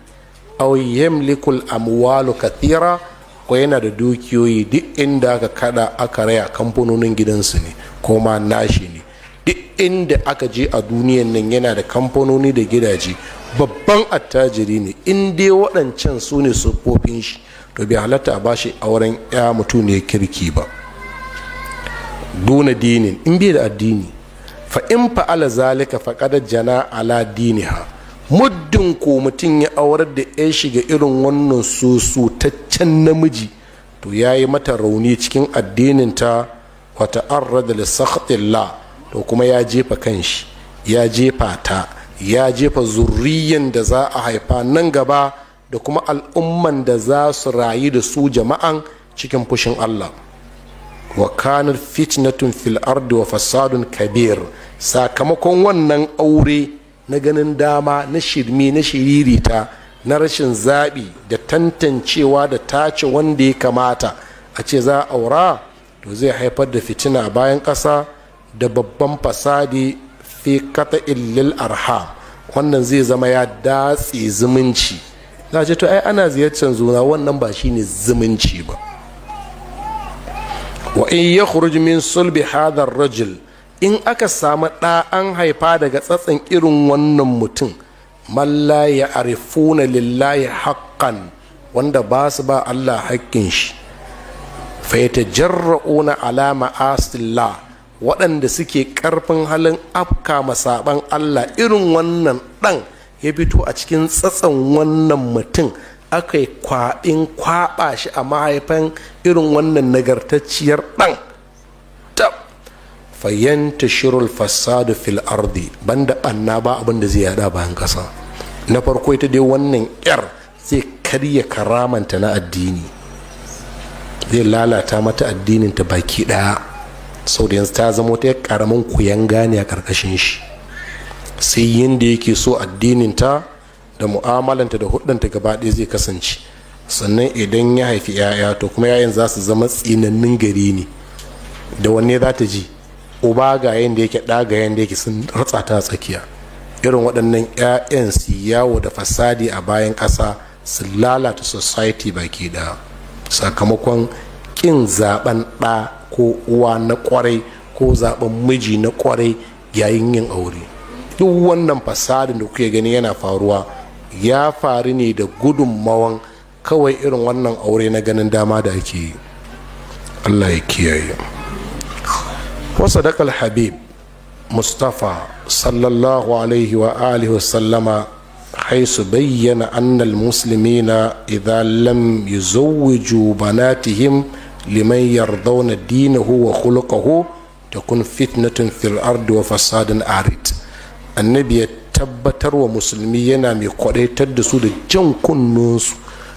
aw yamlikul amwalu kathira ko yana da dukiyoyi duk inda aka kada aka raya kamfanonin gidansu ne ko ma nashi ne duk inda aka je a duniyan nan yana da kamfanoni da gidaje babban attajiri ne in dai waɗancan su ne siffofin shi to bai halatta a bashi auren ya mutum ne kirki ba duna dinin in bai da addini fa in fa'ala zalika faqad jana ala diniha muddin ko mutum ya aurar da ya shiga irin wannan sosutaccen namiji to ya yi mata rauni cikin addininta wata arra da lissakhatillah to kuma ya jefa kanshi ya jefa ta ya jefa zurriyan da za a haifa nan gaba da kuma al'umman da za su rayu da su jama'an cikin fushin Allah wa kanar fitnatun fil ardi wa fasadun kabir sakamakon wannan aure na ganin dama na shirme na shiririta na rashin zaɓi da tantancewa da tace wanda ya kamata a ce za a aura to zai haifar da fitina bayan ƙasa da babban fasadi fi kata illil arham wannan zai zama ya datse zumunci za ce to ai ana ziyartar zuna wannan ba shine zumunci ba wa in ya min sulbi hadar rajil in aka samu ɗa'an haifa daga tsatsan irin wannan mutum malla ya arifuna lillahi haƙƙan wanda ba su ba Allah haƙƙin shi fa jarra'una alama Asila. waɗanda suke ƙarfin halin afka masaɓan allah irin wannan ɗan ya fito a cikin tsatsan wannan mutum aka yi kwaɗin kwaɓa shi a mahaifan irin wannan nagartacciyar ɗan tab fayyanta shirul fasadu fil ardi da ɓanna ba abin da zai yada bayan ƙasa na farko ita dai wannan yar zai karya karamanta na addini zai lalata mata addinin ta baki ɗaya sau da yanzu ta zama wata karamin kuyan gane a karkashin shi sai yin da yake so addinin ta da mu'amalanta da hudunta gaba ɗaya zai kasance sannan idan ya haifi 'ya'ya to kuma 'ya'yan za su zama tsinannin gari ne da wanne za ta ji uba ga da yake ɗa ga da yake sun ratsa ta tsakiya irin waɗannan 'ya'yan su yawo da fasadi a bayan ƙasa su lalata society baki ɗaya sakamakon ƙin zaben ɗa ko uwa na kwarai ko zaben miji na kwarai yayin yin aure duk wannan fasadin da kuke gani yana faruwa ya faru ne da gudunmawan kawai irin wannan aure na ganin dama da ake yi allah ya kiyaye daƙal habib mustapha sallallahu alaihi wa alihi wasallama haisu bayyana annal musulmina idan lam yuzawwiju banatihim liman yardawna dinahu wa khuluquhu takun fitnatun fil ardi wa fasadin arid annabi ya tabbatar wa musulmi yana mai kwadaitar da su da jan kunnunsu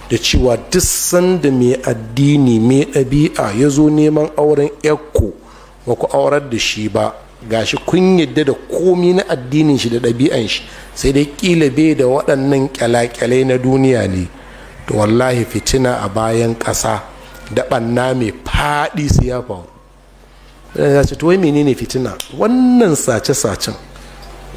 da cewa duk sanda mai addini mai ɗabi'a ya zo neman auren yakko ba ku aurar da shi ba gashi kun yadda da komi na addinin shi da ɗabi'an shi sai dai ƙila bai da waɗannan ƙyalaƙyalai na duniya ne to wallahi fitina a bayan ƙasa da ɓanna mai faɗi su ya faru ya ce to wai menene fitina wannan sace-sacen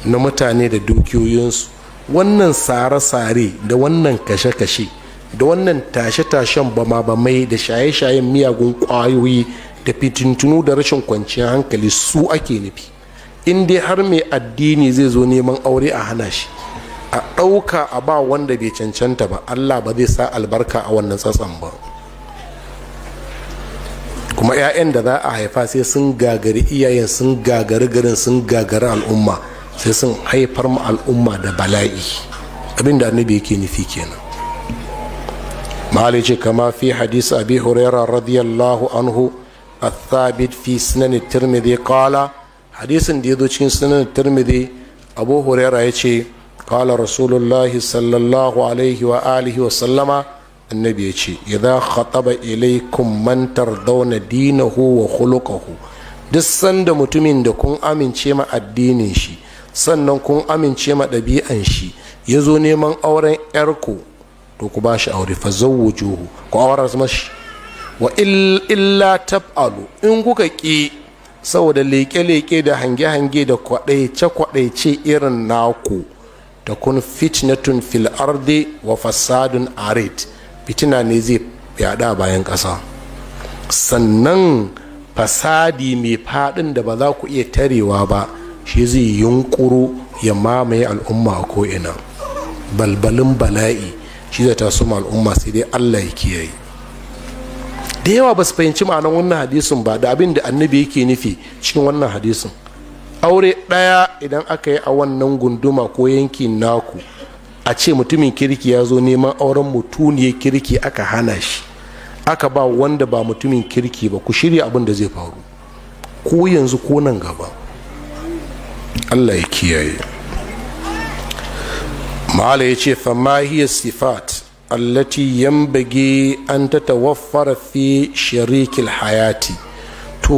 na mutane da dukiyoyinsu wannan sare-sare da wannan kashe-kashe da wannan tashe-tashen bama-bamai da shaye-shayen miyagun ƙwayoyi da fitintunu da rashin kwanciyar hankali su ake nufi in dai har mai addini zai zo neman aure a hana shi a ɗauka a ba wanda bai cancanta ba allah ba zai sa albarka a wannan tsatsan ba kuma 'ya'yan da za a haifa sai sun gagari iyayen sun gagari garin sun gagari al'umma sai sun haifar ma al'umma da bala'i abin da annabi yake nufi kenan malice kama fi hadisi abi huraira radiyallahu anhu الثابت في سنن الترمذي قال حديث دي دو cikin sunan tirmidhi abu huraira yace قال رسول الله صلى الله عليه واله وسلم annabi ya ce idza khataba ilaykum man tardawna dinahu wa khuluquhu duk sanda mutumin da kun amince ma addinin shi sannan kun amince ma ɗabi'an shi ya zo neman auren yarku to ku ba shi aure fa zawwujuhu ku aurar shi. wa illa tab'alu in kuka ƙi saboda leke-leke da hange-hange da kwaɗaice-kwaɗaice irin naku da kun fitnatun fil ardi wa fasadun arid fitina ne zai yada bayan ƙasa sannan fasadi mai faɗin da ba za ku iya tarewa ba shi zai yunkuru ya mamaye al'umma a ko'ina balbalin bala'i shi zai taso ma al'umma sai dai allah ya kiyaye da yawa ba su fahimci ma'anar wannan hadisin ba da abin da annabi yake nufi cikin wannan hadisin aure ɗaya idan aka yi a wannan gunduma ko yankin naku a ce mutumin kirki ya zo neman auren mutuniyar kirki aka hana shi aka ba wanda ba mutumin kirki ba ku shirya abin da zai faru ko yanzu ko nan gaba allah ya kiyaye ma'ala ya ce famahiyar sifat allati bage an ta tawaffara fi sharikil hayati to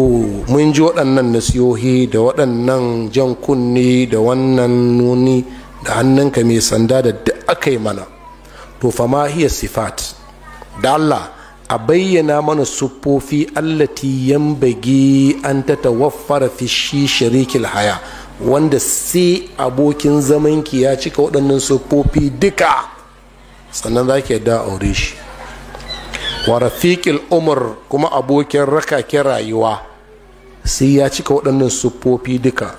mun ji waɗannan nasiyohi da waɗannan jan kunne da wannan nuni da hannunka mai sanda da duk aka yi mana to ma hiya sifat da Allah a bayyana mana siffofi allati yambagi an ta tawaffara fi shi sharikil haya wanda sai abokin zaman ki ya cika waɗannan sufofi duka sannan za ki yadda aure shi wa rafiqil umar kuma abokin raka rayuwa sai ya cika waɗannan siffofi duka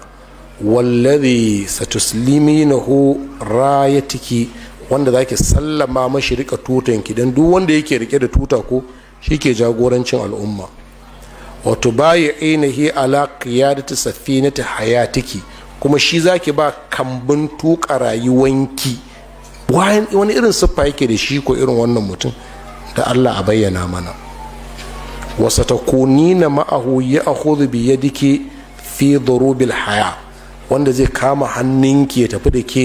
wallazi satusliminahu rayatiki wanda zaki sallama mashi rika tutan ki dan duk wanda yake rike da tuta ko shi ke jagorancin al'umma wa tubayi'inahi ala qiyadati safinati hayatiki kuma shi zaki ba kambun tuka rayuwanki wani irin siffa yake da shi ko irin wannan mutum da Allah a bayyana mana wasa ta na ma'ahu ya'khudhu a bi yadiki fi durubil haya wanda zai kama hannunki ya tafi da ke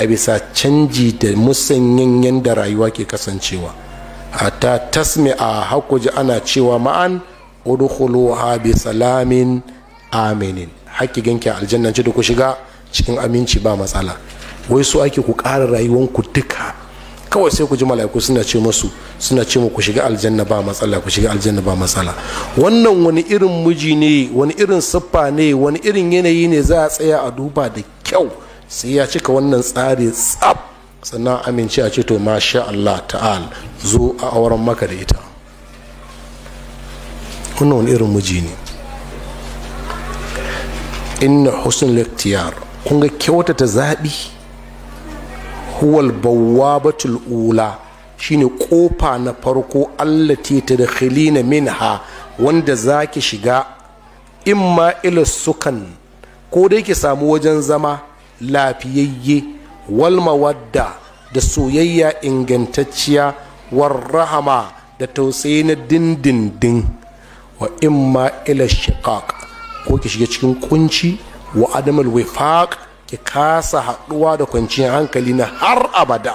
a bisa canji da musanyen yadda rayuwa ke kasancewa ta tasmi a hakuji ana cewa ma'an udkhuluha bi salamin aminin hakki ganki aljanna da ku shiga cikin aminci ba matsala wai su ake ku ƙara rayuwanku duka kawai sai ku ji mala'iku suna ce masu suna ce ku shiga aljanna ba matsala ku shiga aljanna ba matsala wannan wani irin miji ne wani irin siffa ne wani irin yanayi ne za a tsaya a duba da kyau sai ya cika wannan tsari tsab sannan amince a ce to masha Allah ta'al zo a auren maka da ita wannan wani irin miji ne inna husnul ikhtiyar kun ga kyautata zaɓi huwal bawwabatul ula shine kofa na farko Allah ta allati na minha wanda zaki shiga imma ila sukan ko dai ki samu wajen zama lafiyayye wal mawadda da soyayya ingantacciya war rahama da tausayi na dindindin wa imma ila shiqaq ko ki shiga cikin kunci wa adamul wifaq ki kasa haɗuwa da kwanciyar hankali na har abada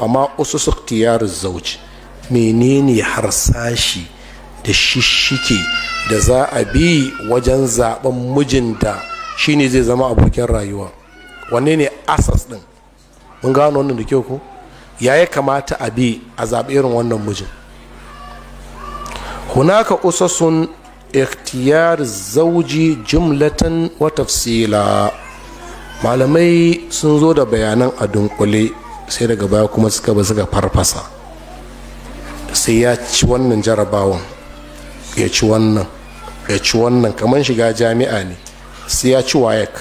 amma usu suktiyar zauji menene harsashi da shishike da za a bi wajen zaben mijinta shine zai zama abokin rayuwa wanne ne asas din mun gano wannan da kyau ko ya yi kamata a bi a zaɓi irin wannan mijin hunaka usasun ikhtiyar zauji jumlatan wa tafsila malamai sun zo da bayanan a dunkule sai daga baya kuma suka ba suka farfasa sai ya ci wannan jarabawan ya ci wannan ya ci wannan kamar shiga jami'a ne sai ya ci wayak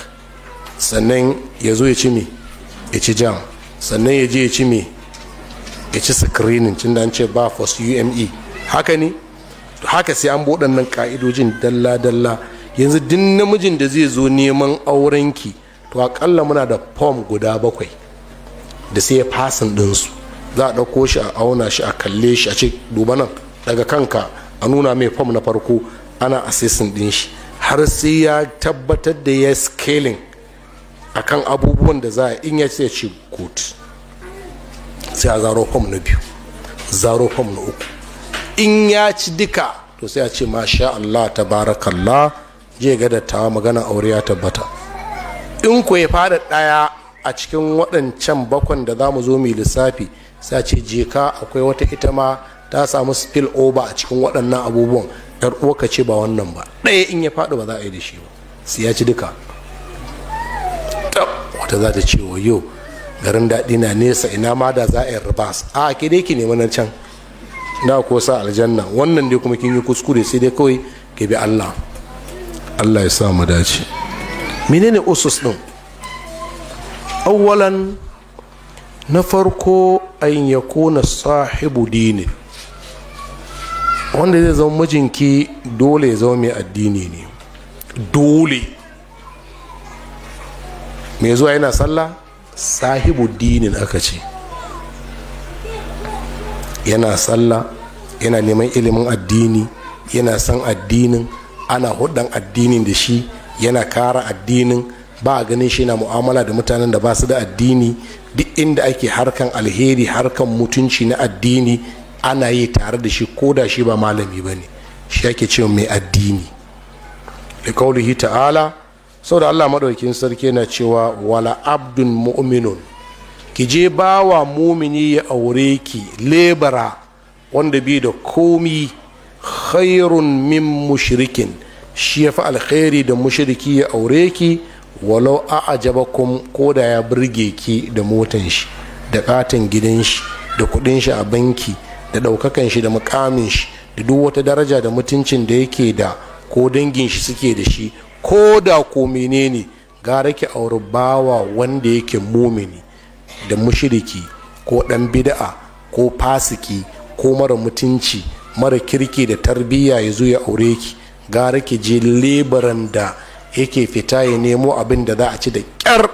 sannan ya zo ya ci me ya ci jam sannan ya je ya ci me ya ci screening cin da an ce ba first ume haka ne haka sai an nan ka'idojin dalla-dalla yanzu duk namijin da zai zo neman aurenki to akalla muna da form guda bakwai da sai ya fasin su za a ɗauko shi a auna shi a kalle shi a ce duba nan daga kanka a nuna mai form na farko ana assessing din shi har sai ya tabbatar da ya scaling akan abubuwan da za a in ya ce ce good sai a zaro form na biyu zaro form na uku in ya ci duka to sai a ce masha Allah tabarakallah je ga da ta magana aure ya tabbata in ku ya fara ɗaya a cikin waɗancan bakon da za mu zo mai lissafi sai ce jeka akwai wata ita ma ta samu spill over a cikin waɗannan abubuwan yar uwarka ce ba wannan ba ɗaya in ya faɗi ba za a yi da shi ba sai ya ci duka wata za ta ce wa yau garin daɗi na nesa ina ma da za a yi ribas a ke dai ki neman can na ko sa aljanna wannan dai kuma kin yi kuskure sai dai kawai ke bi Allah Allah ya sa mu dace menene usus din awwalan na farko ayin ya kona sahibu dini wanda zai zama mijinki dole ya zama mai addini ne dole mai zuwa yana sallah sahibu dinin aka ce yana sallah yana neman ilimin addini yana san addinin ana hudan addinin da shi yana kara addinin ba a ganin shi na mu'amala da mutanen da ba su da addini duk inda ake harkan alheri harkan mutunci na addini ana yi tare da shi ko da shi ba malami ba ne shi ake cewa mai addini likaulihi ta'ala sau da allah maɗaukin sarki yana cewa wala abdun mu'minun ki je bawa mumini ya aure ki lebara wanda bi da komi khairun min mushrikin shi ya fi alkhairi da mushiriki ya aure ki walau a ajabakum ko da ya birge ki da motan shi da katin gidan shi da kudin shi a banki da daukakan shi da mukamin shi da duk wata daraja da mutuncin da yake da ko dangin shi suke da shi ko da ko menene gara ki auri bawa wanda yake mumini da mushiriki ko dan bid'a ko fasiki ko mara mutunci mara kirki da tarbiyya ya zo ya aure ki gara ki je lebaran da yake fita ya nemo abin da za a ci da kyar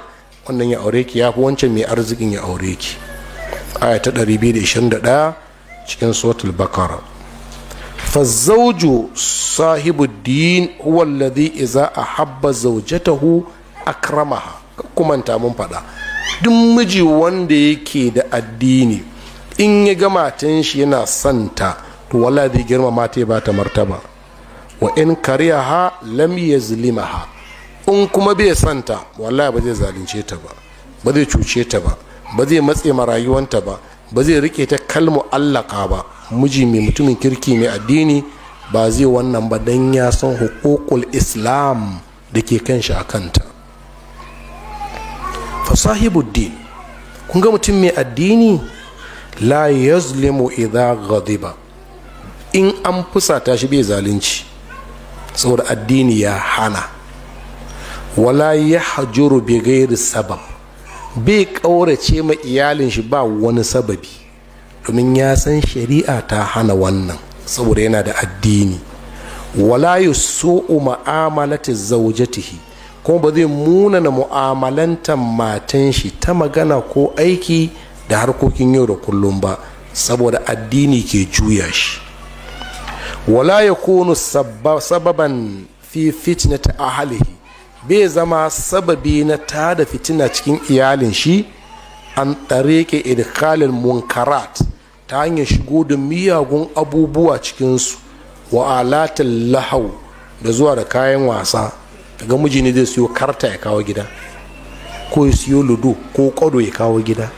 wannan ya aure ki ya fi wancan mai arzikin ya aure ki aya ta 221 cikin suratul bakara fazzauju sahibuddin huwa alladhi a ahabba zawjatahu akramaha kumanta mun faɗa duk miji wanda yake da addini in ya ga shi yana santa to wala zai girma mata ya bata martaba wa in kariyaha lam yazlimaha in kuma bai santa wallahi ba zai zalunce ta ba ba zai cuce ta ba ba zai matse ma rayuwanta ba ba zai rike ta kalmu allaka ba miji mai mutumin kirki mai addini ba zai wannan ba dan ya san hukukul islam da ke kan shi a kanta fasahibuddin kun ga mutum mai addini la yazlimu idha ghadiba in an fusata shi bai zalunci saboda addini ya hana wala ya hajjuru bi gairi sabab bai ƙaurace ma iyalin shi ba wani sababi domin ya san shari'a ta hana wannan saboda yana da addini wala ya so'u ma'amalata zaujatihi kuma ba zai munana mu'amalanta matan shi ta magana ko aiki da harkokin yau da kullum ba saboda addini ke juya shi wala ya kunu sababan fi ta ahalihi bai zama sababi na da fitina cikin iyalin shi an ɗareke idkalin munkarat ta hanyar shigo da miyagun abubuwa cikinsu wa alatin lahau da zuwa da kayan wasa daga miji ne zai siyo karta ya kawo gida ko ya siyo ludo ko kwado ya kawo gida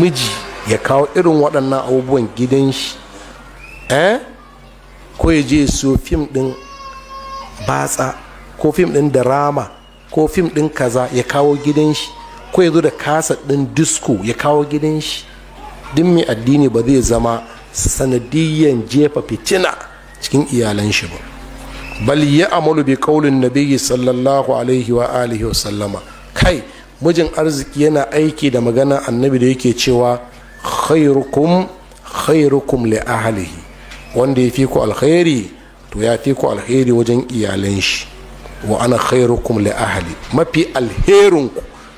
miji ya kawo irin waɗannan abubuwan gidan shi eh ko ya je siyo fim din batsa ko fim din drama ko fim din kaza ya kawo gidan shi ko ya zo da kasa din disco ya kawo gidan shi din mai addini ba zai zama sanadiyyan jefa fitina cikin iyalan shi ba bal ya amalu bi kaulin nabiyyi sallallahu alaihi wa alihi wa sallama kai mijin arziki yana aiki da magana annabi da yake cewa khairukum khairukum li ahlihi wanda ya fi ku alkhairi to ya fi ku alkhairi wajen iyalan shi wa ana khairukum li ahli mafi ku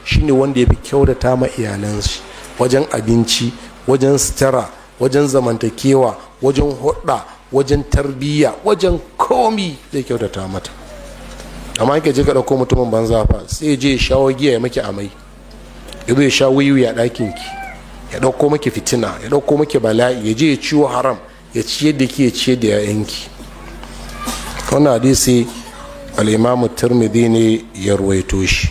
shine wanda ya fi kyautata ma iyalan shi wajen abinci wajen sutura wajen zamantakewa wajen hudda wajen tarbiyya wajen komi zai kyautata mata amma ke je ka dauko mutumin banza fa sai je shawo giya ya maki amai ya zo ya sha wiwi a ɗakin ki ya dauko maki fitina ya dauko maki bala'i ya je ya ciwo haram ya ciye da ke ciye da yayanki wani hadisi al'imamu turmidi ne ya ruwaito shi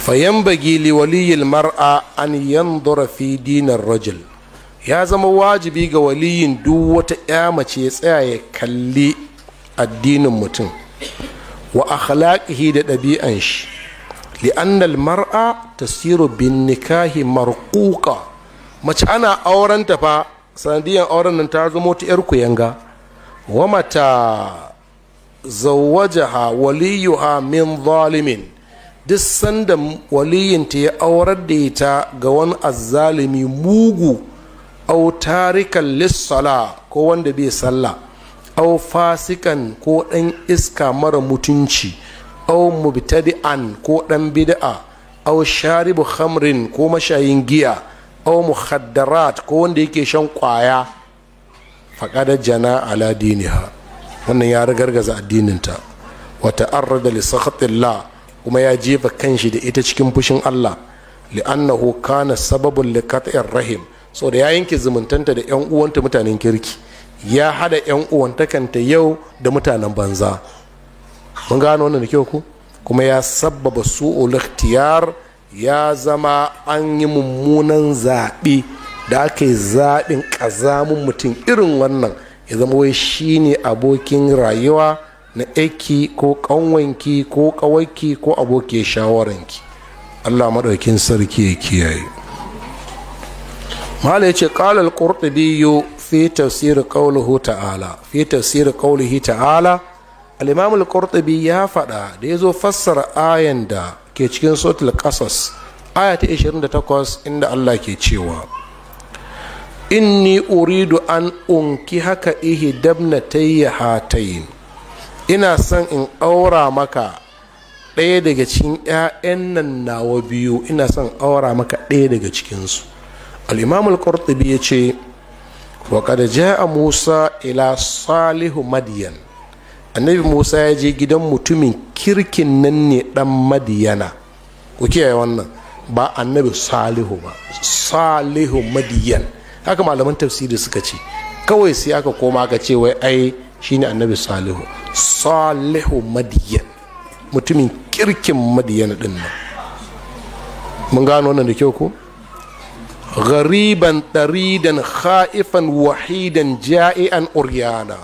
fayan bagi liwaliyyar mar'a an yan fi dinar rajul ya zama wajibi ga waliyin duk wata ya mace ya tsaya ya kalli addinin mutum wa akhlaqihi da ɗabi'an shi li'annal mar'a tasiru bin nikahi marquqa mace ana aurenta fa sanadiyar auren nan ta zama wata yar kuyanga wa mata waliyu waliyuha min zalimin duk sanda waliyinta ya aurar da ita ga wani azzalimi mugu au tarikan lissala ko wanda bai sallah au fasikan ko ɗan iska mara mutunci au mubtadi'an ko ɗan bida'a au sharibu khamrin ko mashayin giya au muhaddarat ko wanda yake shan kwaya faƙada jana ala diniha wannan ya ragargaza addininta wata arrada li sakhatillah kuma ya jefa kanshi da ita cikin fushin Allah li'annahu kana sababin li rahim saboda ya yanke zumuntanta da yan uwanta mutanen kirki ya hada yan uwantakanta yau da mutanen banza mun gano wannan da kyau ku kuma ya sabbaba su'ul ikhtiyar ya zama an yi mummunan zaɓe da aka yi zaɓin ƙazamin mutum irin wannan ya zama wai shi ne abokin rayuwa na aiki ko ƙanwanki ko ƙawarki ko abokin shawaranki allah maɗaukin sarki ya kiyaye mala ya ce ƙalal biyu fi tafsirin ƙaunuhu ta'ala fi tafsirin ƙaunuhu ta'ala al'imamul ƙurɗabi ya faɗa da ya zo fassara ayan da ke cikin sotil kasas aya ta 28 inda Allah ke cewa In inni uridu an unki haka ihi dabnatayya hatayin ina son in aura maka ɗaya daga cikin 'ya'yan nan nawa biyu ina son aura maka ɗaya daga cikinsu al'imamul qurtubi ya ce wa kada a musa ila salihu madiyan annabi musa ya je gidan mutumin kirkin nan ne dan madiyana ku kiyaye wannan ba annabi salihu ba salihu madiyan haka malaman tafsiri suka ce kawai sai aka koma aka ce wai ai shine annabi salihu salihu madiyan mutumin kirkin madiyana din nan mun gano wannan da kyau ko غريبا طريدا خائفا وحيدا جائعا أريانا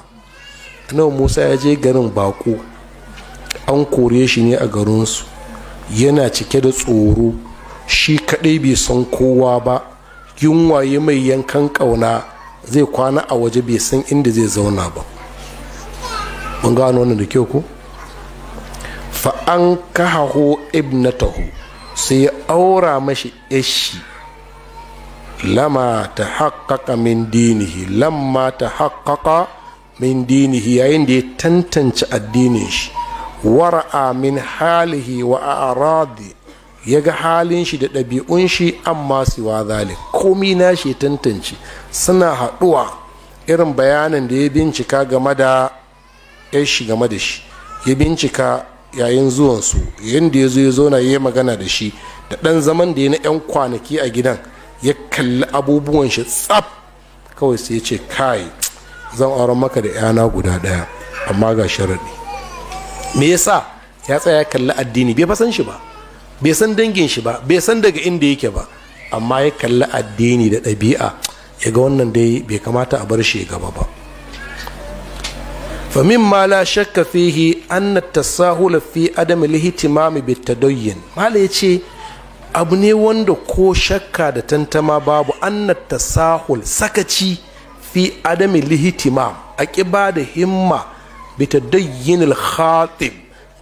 annabi musa ya je garin bako an kore shi ne a garinsu yana cike da tsoro shi kaɗai bai san kowa ba yunwaye mai yankan ƙauna zai kwana a waje bai san inda zai zauna ba mun gano wannan da kyau ko fa an kahaho ibnatahu sai ya aura mashi yashi lama ta haƙaƙa min dinihi lama ta haƙaƙa min dinihi yayin da ya tantance addinin shi wara'a min halihi wa a'radi ya ga halin shi da ɗabi'un shi amma siwa zalik komi na shi tantance suna haɗuwa irin bayanin da ya bincika game da ya shi game da shi ya bincika yayin zuwansu yadda ya zo ya zo na yi magana da shi da ɗan zaman da ya na 'yan kwanaki a gidan ya kalli abubuwan shi tsaf kawai sai ya ce kai zan auren maka da yana guda ɗaya amma ga sharaɗi me yasa ya tsaya kalli addini bai fasan shi ba bai san dangin shi ba bai san daga inda yake ba amma ya kalli addini da ɗabi'a ya ga wannan dai bai kamata a bar shi gaba ba famin ma la shakka fihi anna tasahula fi adam lihtimami bitadayyin mala yace abu ne wanda ko shakka da tantama babu anna tasahul sakaci fi adami lihitimam a ba da himma bita dayyin khatib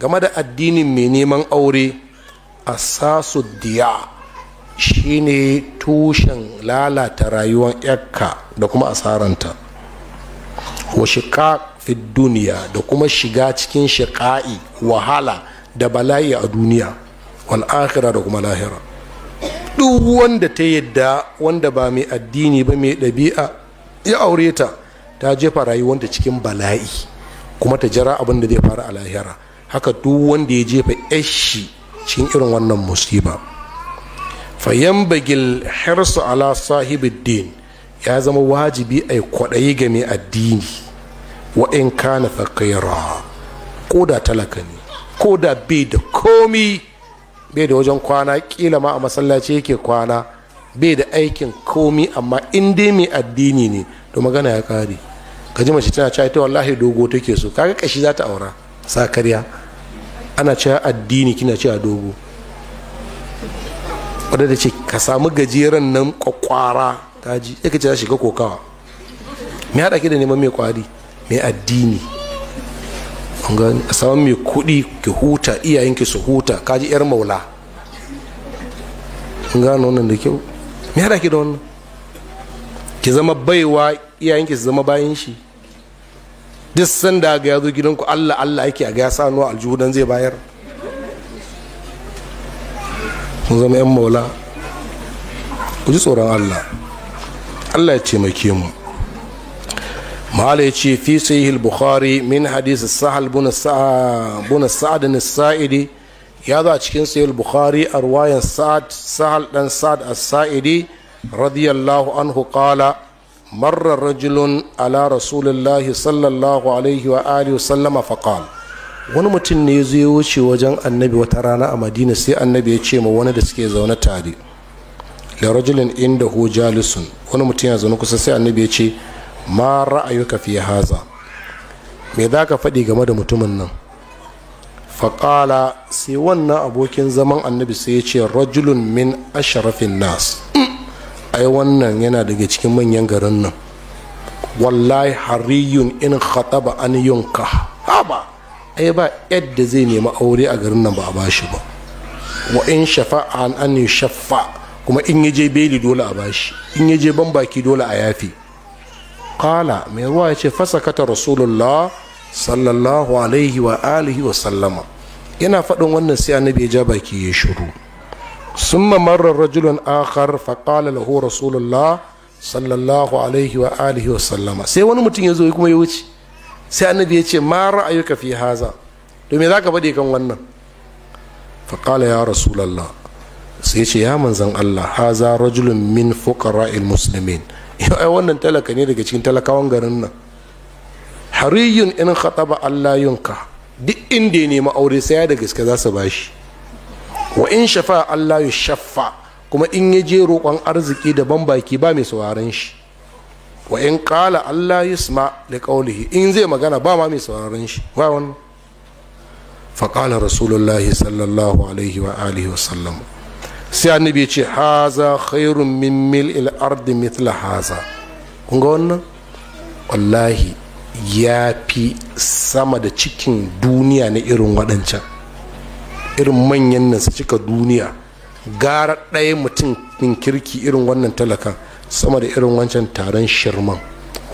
game da addinin mai neman aure a sasu diya shine tushen lalata rayuwar yakka da kuma asaranta wa shiƙa fi duniya da kuma shiga cikin shiƙa'i wahala da bala'i a duniya wal akhira da kuma lahira duk wanda ta yadda wanda ba mai addini ba mai ɗabi'a ya aure ta ta jefa rayuwanta cikin bala'i kuma ta jira abin da zai faru a lahira haka duk wanda ya jefa yashi cikin irin wannan musiba fayan bagil hirsu ala sahibid din ya zama wajibi a kwaɗayi game addini wa in kana faqira ko da talaka ne ko da bai da komi bai da wajen kwana kila ma a masallaci yake kwana bai da aikin komi amma in dai mai addini ne to magana ya kare ka ji mace tana cewa ita wallahi dogo take so kaga kashi za ta aura sa karya ana cewa addini kina cewa dogo wadda da ce ka samu gajeren nan kwakwara ta ji ya kace za shiga kokawa me hada ki da neman mai kwari mai addini a samu mai kuɗi ki huta iyayenki su huta kaji yar maula gano nan da kyau me haɗa ki da wannan ki zama baiwa iyayenki su zama bayan shi duk sanda ga yazo zo gidanku allah allah yake a ga ya sa nuwa aljuhudan zai bayar mu zama yan maula ku ji tsoron allah allah ya ce taimake mu mahala ya ce fi sahih bukhari min hadisi sahal bin sa'ad bin sa'id ya zo a cikin sayil bukhari a ruwayan sa'ad sahal dan sa'ad as-sa'idi radiyallahu anhu qala marra rajulun ala rasulillahi sallallahu alaihi wa alihi sallama faqal wani mutum ne ya zo wuce wajen annabi wata rana a madina sai annabi ya ce ma wani da suke zaune tare da rajulin inda hu jalisun wani mutum ya zaune kusa sai annabi ya ce ma ra'ayuka fi haza me za ka faɗi game da mutumin nan faƙala sai wannan abokin zaman annabi sai ya ce rajulun min asharafin nas ai wannan yana daga cikin manyan garin nan wallahi hariyun in khataba an yunka haba ai ba yadda zai nemi aure a garin nan ba a bashi ba wa in shafa an an shaffa kuma in ya je beli dole a bashi in ya je ban baki dole a yafi kala mai ruwa ya ce fasakata rasulullah sallallahu alaihi wa alihi wa sallama yana faɗin wannan sai annabi ya ja baki ya shiru summa marra rajulun akhar fa qala lahu rasulullah sallallahu alaihi wa alihi wa sallama sai wani mutum ya zo kuma ya wuce sai annabi ya ce ma ra'ayuka fi haza to me zaka faɗi kan wannan fa qala ya rasulullah sai ya ce ya manzon Allah haza rajulun min fuqara'il muslimin ai wannan talaka ne daga cikin talakawan garin nan hariyun in ba Allah yunka duk inda ya nemi aure sai ya da gaske za su shi wa in shafa Allah ya shaffa kuma in ya je roƙon arziki da ban baki ba mai sauraron shi wa in kala Allah yusma da qawlihi in zai magana ba ma mai sauraron shi ba wannan fa qala rasulullahi sallallahu alaihi wa alihi wa sallam sai annabi ya ce haza khairun min mil'il ardi mithla haza kun wannan wallahi ya fi sama da cikin duniya na irin waɗancan irin manyan nan su cika duniya gara ɗaya mutum min kirki irin wannan talakan sama da irin wancan taron shirman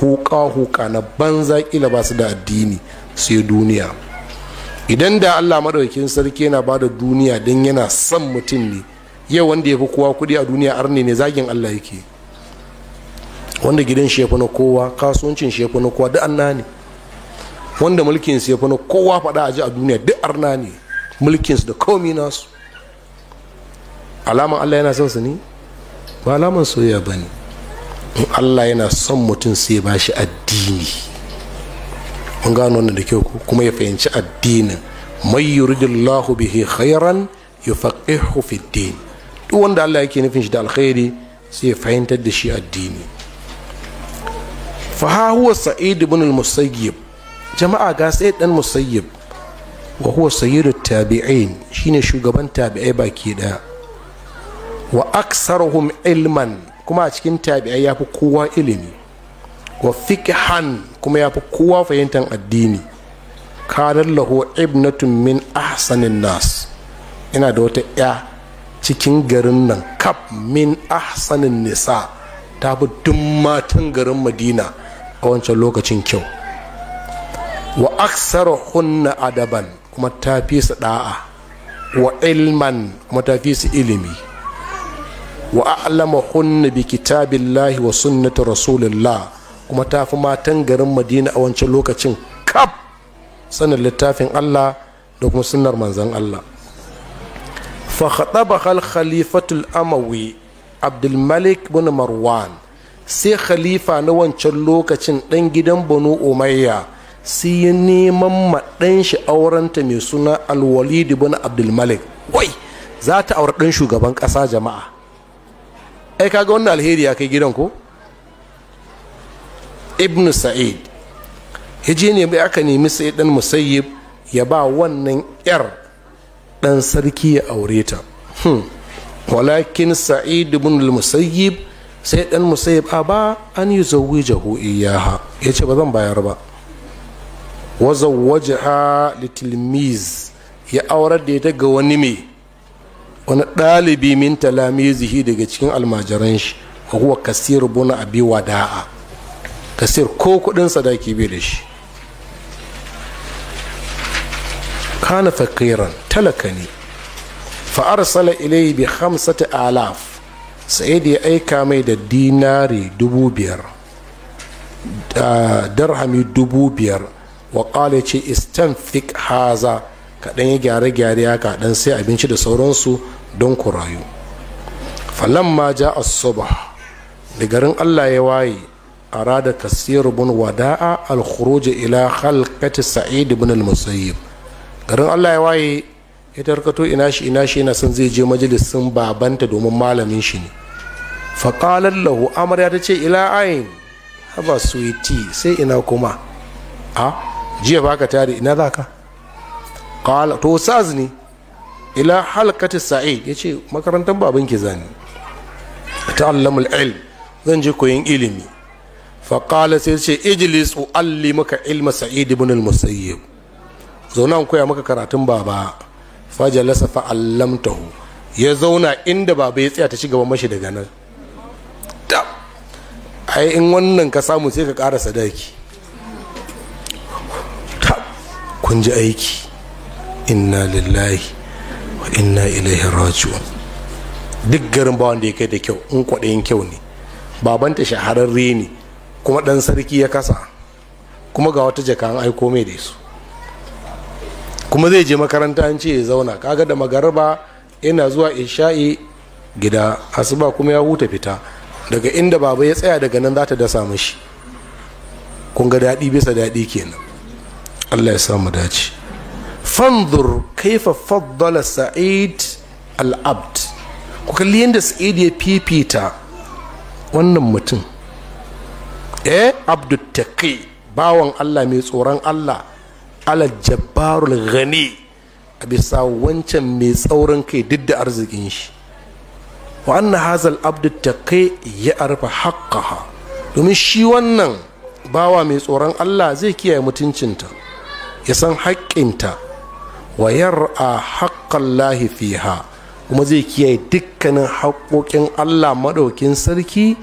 huka-huka na banza ƙila ba su da addini su yi duniya idan da allah maɗaukin sarki yana ba da duniya don yana son mutum ne yau wanda ya fi kowa kuɗi a duniya arne ne zagin allah yake wanda gidan shi ya na kowa kasuwancin shi ya na kowa duk arna ne wanda mulkin su ya na kowa faɗa a ji a duniya duk arna ne mulkin su da komi nasu alaman Allah yana son su ne ba alaman soyayya ba ne in Allah yana son mutum sai ba shi addini mun gano wannan da kyau kuma ya fahimci addinin mai yuridillahu bihi khairan yufaqihu fid din duk wanda Allah yake nufin shi da alkhairi sai ya fahimtar da shi addini fa huwa sa'id ibn al-musayyib jama'a ga sai dan musayyib wa huwa sayyidu tabi'in shine shugaban tabi'ai baki daya wa aktsaruhum ilman kuma a cikin tabi'ai yafi kowa ilimi wa fiqhan kuma yafi kowa fahimtar addini kanan lahu ibnatun min ahsanin nas ina da wata ya cikin garin nan kaf min ahsanin nisa ta fi duk matan garin madina a wancan lokacin kyau wa aksara hunna adaban kuma ta fi su da'a wa ilman kuma ta fi su ilimi wa a'lama hunna bi kitabillahi wa sunnati rasulillah kuma ta fi matan garin madina a wancan lokacin kaf sanin littafin allah da kuma sunnar manzan allah fa khatabahal khalifatul amawi abdulmalik bin marwan sai khalifa na wancan lokacin ɗan gidan banu umayya sai ya neman maɗan shi aurenta mai suna alwalid ibn abdulmalik wai za ta aure ɗan shugaban ƙasa jama'a ai kaga wannan alheri ya kai gidan ko ibn sa'id ya je ne aka nemi sai ɗan musayyib ya ba wannan 'yar ɗan sarki ya aure ta hmm. walakin sa'id ibn al-musayyib sai dan musayib a ba an yi zawijahu iyaha ya ce ba zan bayar ba waje ha litilmiz ya aurar da ita ga wani mai wani ɗalibi min talamizihi daga cikin almajiran shi wa kuwa kasir buna abi wada'a kasir ko kudin sadaki bai da shi kana fakiran talaka ne fa arsala ilayhi bi khamsati alaf sai ya aika mai da dinari dubu biyar da darhami dubu biyar wa kala ce fik haza kaɗan ya gyare-gyare ya kaɗan sai abinci da sauransu don ku rayu falon ma ja asuba da garin allah ya waye a rada kasiru bin wada'a al'kuruja ila halkati sa'id bin al-musayyib garin allah ya waye ya tarkato ina shi ina shi yana son zai je majalisin babanta domin malamin shi ne faƙalar lahu amarya ta ce ila ayin haba suwiti sai ina kuma a jiya baka tare ina za ka ƙala to saz ne ila halkatis sa'i ya ce makarantar baban ki zani allamul il zan je koyon ilimi faƙala sai ce ijilis u'alli maka ilma sa'id ibn al-musayyib zauna koya maka karatun baba fajalasa fa'allamtahu ya zauna inda baba ya tsaya ta ci gaba mashi daga nan ai in wannan ka samu sai ka ƙara sadaki kun ji aiki inna lillahi wa inna ilaihi raji'un duk garin ba wanda ya kai da kyau in kwaɗayin kyau ne babanta shahararre ne kuma ɗan sarki ya kasa kuma ga wata jaka an aiko mai da su kuma zai je makaranta an ce ya zauna kaga da magaraba yana zuwa isha'i gida asuba kuma ya huta fita daga inda baba ya tsaya daga nan za ta dasa mashi kun ga daɗi bisa daɗi kenan allah ya samu dace fanzur kaifa faddala sa'id al'abd ku kalli yadda sa'id ya fifita wannan mutum eh abdul bawan allah mai tsoron allah alal jabbarul ghani a bisa wancan mai tsaurin kai duk da arzikin shi wa anna hazal abdu taqi ya arfa haqqaha domin shi wannan bawa mai tsoron Allah zai kiyaye mutuncinta ya san haƙƙinta wa yar'a lahi fiha kuma zai kiyaye dukkanin haƙoƙin Allah maɗaukin sarki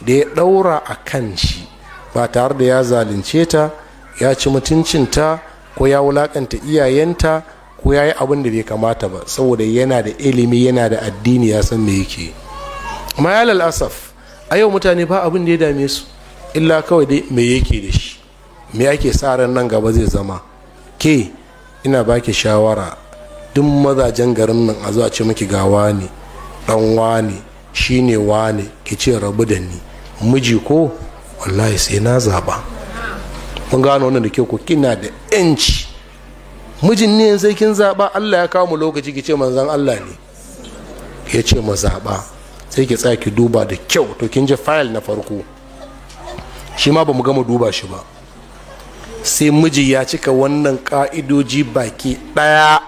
da ya ɗaura a kan shi ba tare da ya zalunce ta ya ci mutuncinta ko ya wulakanta iyayenta ko ya yi abin da bai kamata ba saboda yana da ilimi yana da addini ya san me yake ya asaf a yau mutane ba abin da ya dame su illa kawai dai me yake da shi me ake sa ran nan gaba zai zama ke ina baki shawara duk mazajen garin nan a zuwa ce miki ga wane dan wane shine wane ki ce rabu da ni miji ko wallahi sai na zaba mun gano wannan da kyau ku kina da yanci mijin ne sai kin zaɓa allah ya kawo mu lokaci ki ce manzon allah ne ya ce mu zaɓa sai ki tsaya ki duba da kyau to kin ji fayil na farko shi ma ba gama duba shi ba sai miji ya cika wannan ka'idoji baki ɗaya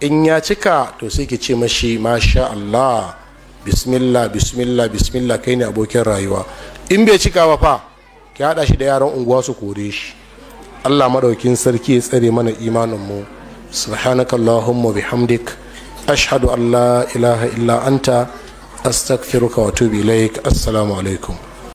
in ya cika to sai ki ce mashi masha Allah bismillah bismillah bismillah kai ne abokin rayuwa in bai cika ba fa ki hada shi da yaran unguwa su kore shi allah madaukin sarki ya tsare mana imaninmu subhanaka allahumma bihamdik ashhadu an la ilaha illa anta astaghfiruka wa atubu ilaik assalamu alaikum